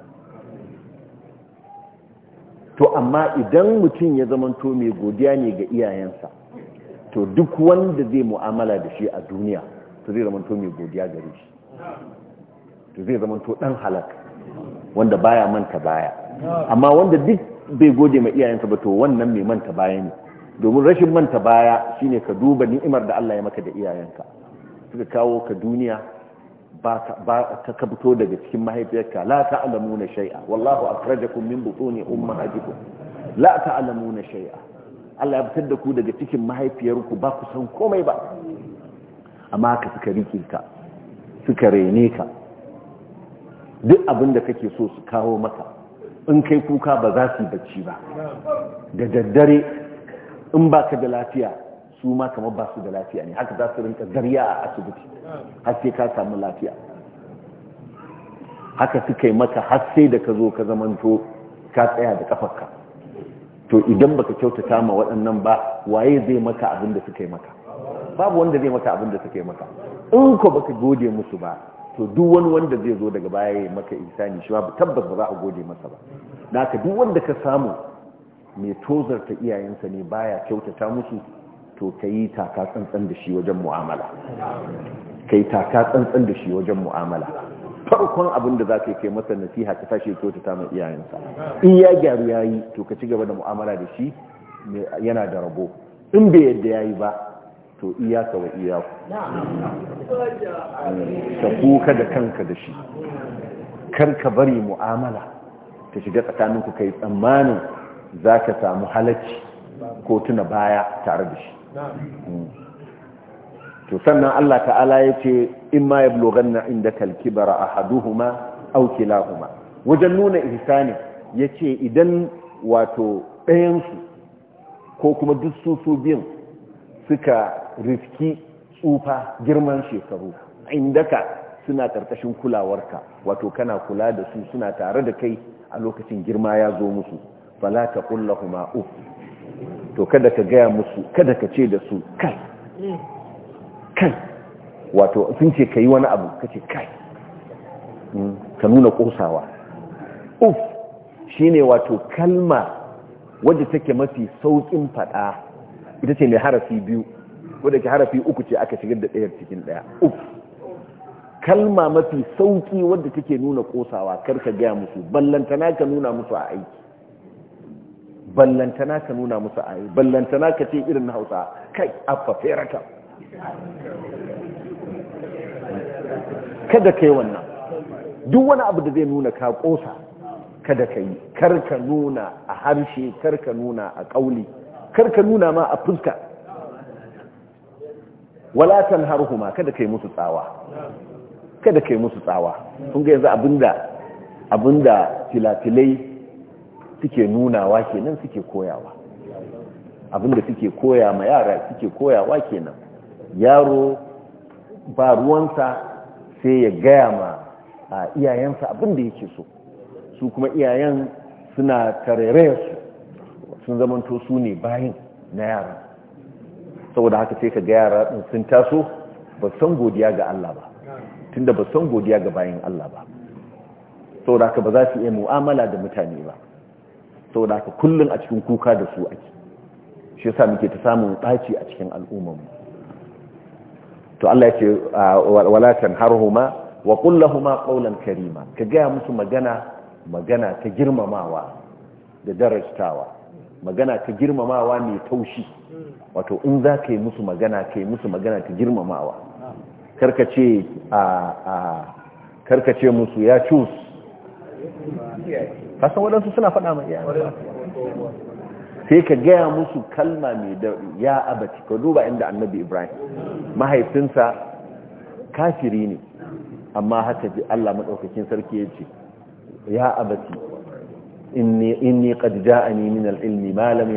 to amma idan mutum ya zamanto mai godiya ne ga iyayensa to duk wanda zai mu'amala da shi a duniya to zai zamanto mai godiya gare shi to zai zamanto ɗan halak wanda baya manta baya amma wanda duk bai gode mai iyayensa ba to wannan mai manta baya ne domin rashin manta baya shine ka duba ni'imar da Allah ya maka da iyayenka suka kawo ka duniya ba ka kabto daga cikin mahaifiyarka la ta'lamuna shay'a wallahu akhrajakum min butuni ummahatikum la ta'lamuna shay'a Allah ya fitar da ku daga cikin mahaifiyarku ba ku san komai ba amma ka suka rike ka suka rene ka duk abin da kake so su kawo maka in kai kuka ba za su yi bacci ba da daddare in ba ka da lafiya su ma kamar ba su da lafiya ne haka za su rinka zarya a asibiti har sai ka samu lafiya haka suka yi maka har sai da ka zo ka zamanto ka tsaya da kafarka to idan baka kyautata ma waɗannan ba waye zai maka abin da suka yi maka babu wanda zai maka abin da suka yi maka in ko baka gode musu ba to duk wani wanda zai zo daga baya ya maka insani shi ba tabbas ba za a gode masa ba naka duk wanda ka samu mai tozarta iyayensa ne baya kyautata musu to ka yi taka tsantsan da shi wajen mu'amala ka yi taka tsantsan da shi wajen mu'amala farkon abin da za ka yi kai masa nasiha ka tashi kyautata mai iyayensa in ya gyaru ya yi to ka ci gaba da mu'amala da shi yana da rabo in bai yadda ya yi ba to iyaka wa iyaku ka kuka da kanka da shi kar ka bari mu'amala ta shiga tsakaninku kai tsammanin za ka samu halacci ko tuna baya tare da shi to sannan Allah ta'ala ya ce in ma ya bloganna inda kalkibara a haduhuma lahuma wajen nuna ihsani ya ce idan wato ɗayansu ko kuma duk su su biyun suka rifki tsufa girman shekaru ka suna ƙarƙashin kulawarka wato kana kula da su suna tare da kai a lokacin girma ya zo musu fala ta kullahuma uku to kada ka gaya musu kada ka ce da su kai kai wato sun ce ka yi wani abu ka ce kai hmm, ka nuna kosawa uf shi ne wato kalma wadda take mafi saukin fada ita ce mai harafi biyu wadda ke harafi uku ce aka shigar da ɗayar cikin ɗaya uf kalma mafi sauki wadda take nuna kosawa kar ka gaya musu ballantana ka nuna musu a aiki ballantana ka nuna musu ayi ballantana ka ce irin na hausa kai affa ferata kada ka yi wannan duk wani abu da zai nuna ka kosa kada ka yi kar ka nuna a harshe kar ka nuna a kauli kar ka nuna ma a fuska wala harhuma kada ka yi musu tsawa kada ka yi musu tsawa kun ga yanzu abinda abinda filafilai. suke nunawa kenan suke koyawa abinda suke koya ma yara suke koyawa kenan yaro ba ruwansa sai ya gaya ma iyayensa da yake so su kuma iyayen suna tarerayarsu sun zamanto su ne bayan na yara saboda haka sai ka ga yara din sun taso ba san godiya ga Allah ba tunda ba san godiya ga bayan Allah ba saboda haka ba za su iya mu'amala da mutane ba saboda haka kullum a cikin kuka da su ake shi yasa muke ta samun ɗaci a cikin al'ummar mu to Allah ya ce wala tanharhuma wa qul lahumu qawlan karima ka ga musu magana magana ta girmamawa da darajtawa magana ta girmamawa mai taushi wato in za ka yi musu magana ka musu magana ta girmamawa karkace a karkace musu ya cus kasan waɗansu suna faɗa mai yawon sai ka gaya musu kalma mai daɗi ya abaci ka duba inda annabi ibrahim mahaifinsa kafiri ne amma haka ji allah maɗaukakin sarki ya ce ya abaci inni qad ja'ani min al-ilmi ma fatta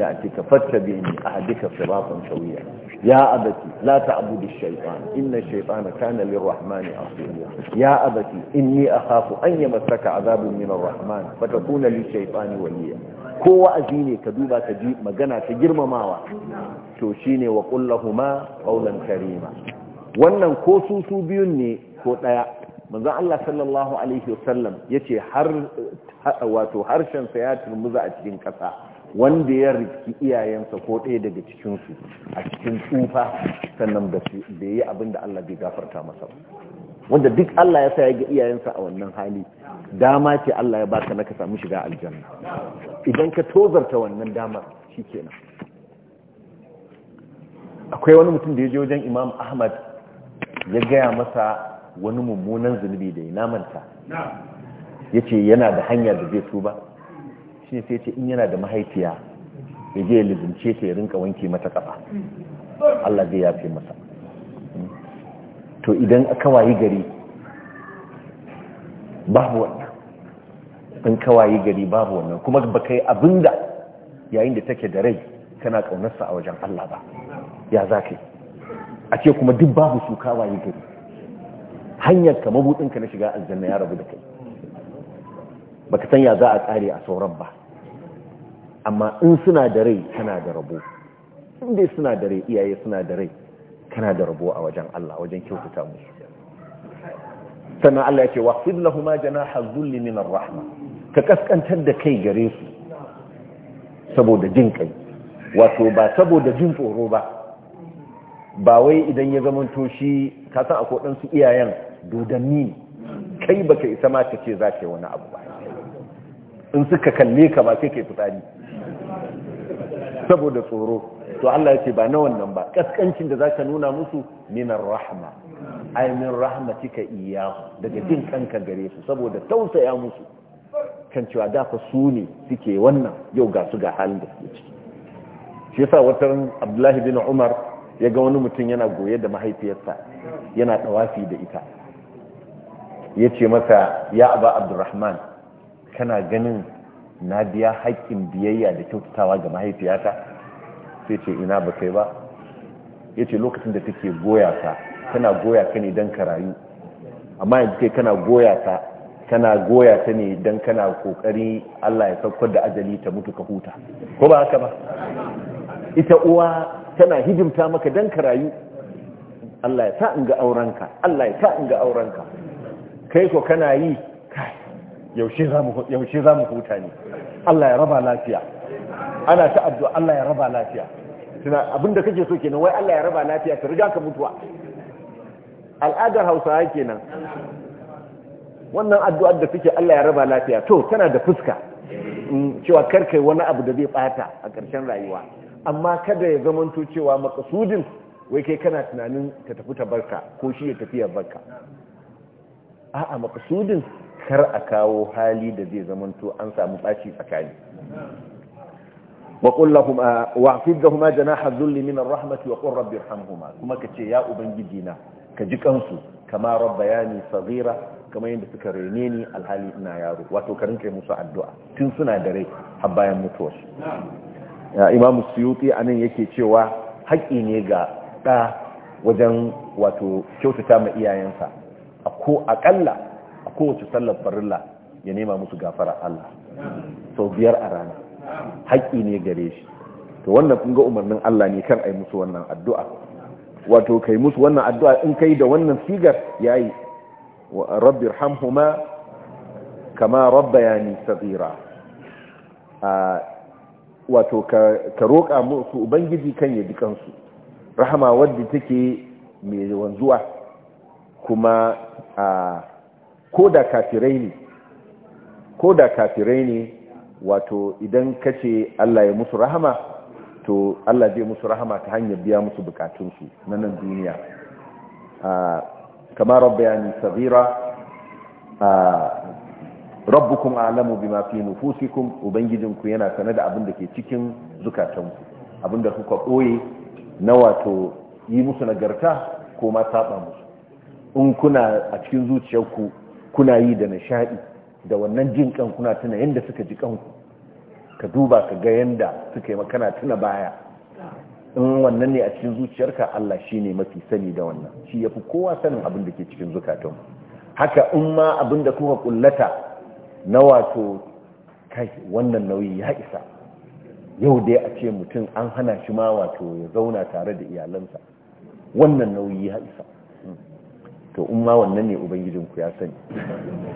ya'tika a ahdika siratan sawiya يا أبتي لا تعبد الشيطان إن الشيطان كان للرحمن عصيا يا أبتي إني أخاف أن يمسك عذاب من الرحمن فتكون للشيطان وليا هو أزيني كدوبا تجيب مجنى تجرم ماوا توشيني وقل لهما قولا كريما wannan ko su su biyun ne ko daya manzo Allah sallallahu alaihi wasallam yace har wato harshen sa ya turmuza a cikin kasa wanda ya riski iyayensa ko ɗaya daga cikinsu a cikin tsufa sannan da yi abin da Allah bai gafarta masa ba. wanda duk Allah ya sa ya ga iyayensa a wannan hali dama ce Allah ya baka na ka samu shiga aljanna idan ka tozarta wannan dama damar kenan. akwai wani mutum da ya je wajen Imam Ahmad ya gaya masa wani mummunan zunubi da ya namanta yace yana da hanya da zai tuba shi sai ce in yana da mahaifiya ya je ya lizince ta ya rinka wanke mata kafa Allah zai yafe masa to idan aka gari babu wannan in kawayi gari babu wannan kuma ba kai da yayin da take da rai kana ƙaunarsa a wajen Allah ba ya za ka a ce kuma duk babu su wayi gari hanyar ka mabuɗinka na shiga aljanna ya rabu da kai baka san ya za a kare a sauran ba amma in suna da rai kana da rabo in dai suna da rai iyaye suna da rai kana da rabo a wajen Allah wajen kyautata musu sannan Allah ya ce waqfid lahumu janaha dhulli min ar-rahma ka kaskantar da kai gare su saboda jin kai wato ba saboda jin tsoro ba ba wai idan ya zamanto shi ka san akwai dan su iyayen dodanni kai baka isa ma kace za ka yi wani abu ba in suka kalle ka ba sai kai fitari saboda tsoro to Allah ya ce ba na wannan ba kaskancin da zaka nuna musu minar rahma ai min cika iya daga jin kanka gare su saboda tausaya musu kan cewa da fa su ne suke wannan yau ga su ga halin da suke ciki shi yasa ran Abdullahi bin Umar ya ga wani mutum yana goye da mahaifiyarsa yana tawafi da ita yace masa ya aba Abdurrahman kana ganin na biya haƙƙin biyayya da kyautatawa ga mahaifiyata sai ce ina ba kai ba ya ce lokacin da take goya ta tana goya ka ne don ka rayu amma yanzu kai kana goya ta kana goya ta ne don kana kokari Allah ya saukar da ajali ta mutu ka huta ko ba haka ba ita uwa tana hijimta maka don ka rayu Allah ya sa in ga aurenka Allah ya sa in ga aurenka kai ko kana yi kai yaushe za mu huta ne Allah ya raba lafiya ana ta addu'a Allah ya raba lafiya tuna abinda kake so kenan wai Allah ya raba lafiya ta riga ka mutuwa al'adar hausawa kenan wannan addu'ar da suke Allah ya raba lafiya to tana da fuska mm, cewa karkai wani abu da zai bata a ƙarshen rayuwa amma kada ya zama to cewa makasudin wai kai kana tunanin ka tafi ta barka ko shi ya tafi ya barka a'a makasudin kar a kawo hali da zai zamanto an samu ɓaci tsakani waƙulla kuma wafi ga kuma jana hazzun liminan rahmati wa ƙun rabbi kuma ka ce ya ubangiji na ka ji kansu kama rabba ya ne tsagira kama yadda suka rene ni alhali ina yaro wato karin kai musu addu'a tun suna da rai har bayan mutuwar imamu suyuti a nan yake cewa haƙƙi ne ga ɗa wajen wato kyautata ma iyayensa ko aƙalla kowace sallar farilla ya nema musu gafara Allah sau biyar a rana haƙƙi ne gare shi to wannan kun umarnin Allah ne kan ai musu wannan addu'a wato kai musu wannan addu'a in kai da wannan sigar yayi rabbi irhamhuma kama rabbayani saghira wato ka roƙa musu ubangiji kan ya ji kansu rahama wadda take mai wanzuwa kuma a ko da kafirai ne ko da kafirai ne wato idan kace Allah ya musu rahama to Allah zai musu rahama ta hanyar biya musu bukatunsu na nan duniya kama rabbayani sabira rabbukum a'lamu bima fi nufusikum ubangijinku yana sane da abin da ke cikin zukatanku abin da kuka ɓoye na wato yi musu nagarta ko ma saba musu in kuna a cikin zuciyarku kuna yi da nishaɗi, da wannan jin kan kuna tuna yadda suka ji kanku ka duba ka ga yadda suka yi makana tuna baya in wannan ne a cikin zuciyarka Allah shi ne mafi sani da wannan shi ya fi kowa sanin abin da ke cikin zukatun haka in ma abin da kuka kullata na wato kai wannan nauyi ya isa yau dai a ce mutum an hana shi ma wato ya zauna tare da iyalansa wannan nauyi ya isa to in ma wannan ne ubangijinku ya sani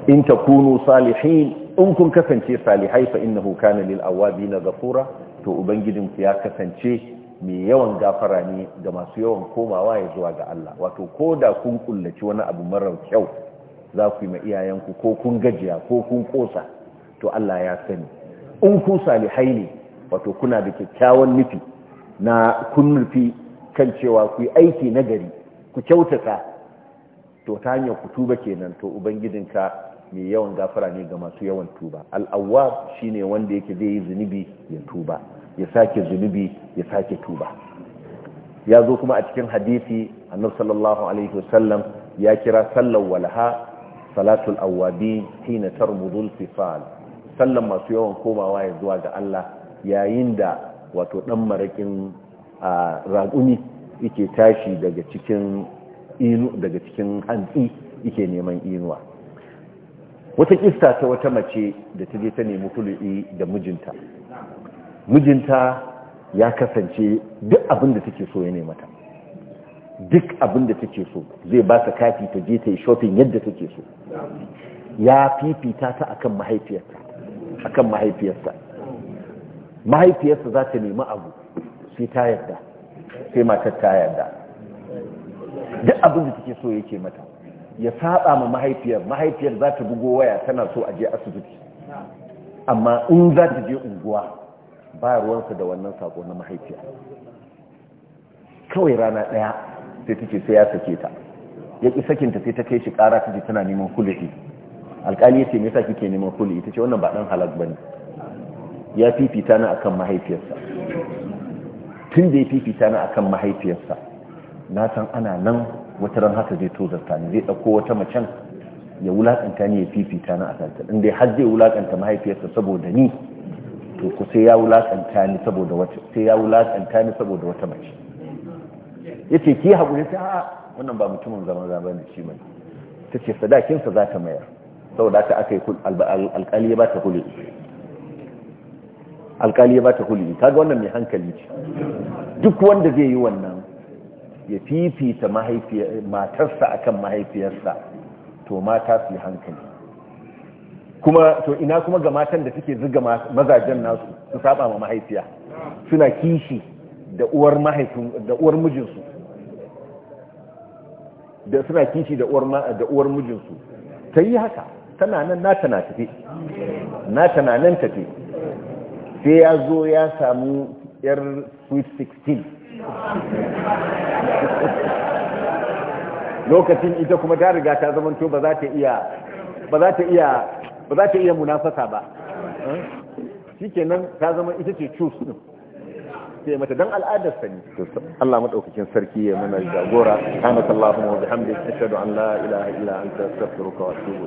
in takunu salihin in kun kasance salihai fa innahu kana lil awabin ghafura to ku ya kasance mai yawan gafara ne ga masu yawan komawa ya zuwa ga Allah wato ko da kun kullaci wani abu mara kyau za ku yi ma iyayenku ko kun gajiya ko kun kosa to Allah ya sani in ku salihai ne wato kuna da kyakkyawan nufi na kun nufi kan cewa ku yi aiki nagari ku kyautata to ta hanyar ku tuba kenan to ubangijinka mai yawan gafara ne ga masu yawan tuba al'awwab shine wanda yake zai yi zunubi ya tuba ya sake zunubi ya sake tuba ya zo kuma a cikin hadisi annabi sallallahu alaihi wasallam ya kira sallar walha salatul awabi hina tarmudul fisal sallan masu yawan komawa ya zuwa ga Allah yayin da wato dan marakin raƙumi yake tashi daga cikin inu daga cikin hantsi yake neman inuwa wata kista ta wata mace da ta je ta nemi kulu'i da mijinta mijinta ya kasance duk abin da take so ya nemi ta duk abin da take so zai ba ta kafi ta je ta yi shopping yadda take so ya fifita ta akan mahaifiyarta akan mahaifiyarsa mahaifiyarsa za ta nemi abu sai ta yarda sai matar ta yarda duk abin da take so yake mata ya saba ma mahaifiyar mahaifiyar za ta bugo waya tana so a je asibiti amma in za ta je unguwa ba ruwansa da wannan sako na mahaifiyar. kawai rana ɗaya sai take sai ya sake ta ya sakin sakinta sai ta kai shi ƙara ta tana neman kulu'i alƙali yace me yasa kike neman kulu'i ita ce wannan ba dan halak bane ya fifita ni akan mahaifiyarsa tun da ya fifita ni akan mahaifiyarsa na san ana nan wata ran haka zai tozarta ni zai ɗauko wata macen ya wulaƙanta ni ya fifita na asanta in dai har zai wulaƙanta mahaifiyarsa saboda ni to ku sai ya wulaƙanta ni saboda wata sai ya wulaƙanta ni saboda wata mace yace ki haƙuri ta a'a wannan ba mutumin zaman zaman ne shi bane tace sadakin sa ta mayar saboda ta akai alƙali ya ba ta kuli alƙali ya ba ta kuli kaga wannan mai hankali ce duk wanda zai yi wannan ya fifita matarsa akan mahaifiyarsa to mata su yi hankali kuma to ina kuma ga matan da suke zuga mazajen nasu su saba ma mahaifiya suna kishi da uwar mahaifin da uwar mijinsu da suna kishi da uwar da uwar mijinsu ta yi haka tana nan nata na tafi nata na nan tafi sai ya zo ya samu yar sweet 16 lokacin ita kuma ta riga ta zamanto ba za ta iya ba za ta iya ba za ta iya munafasa ba shikenan ta zama ita ce choose din sai mata dan al'adar sani Allah madaukakin sarki ya mana jagora subhanakallahumma wa bihamdihi ashhadu an la ilaha illa anta astaghfiruka wa atubu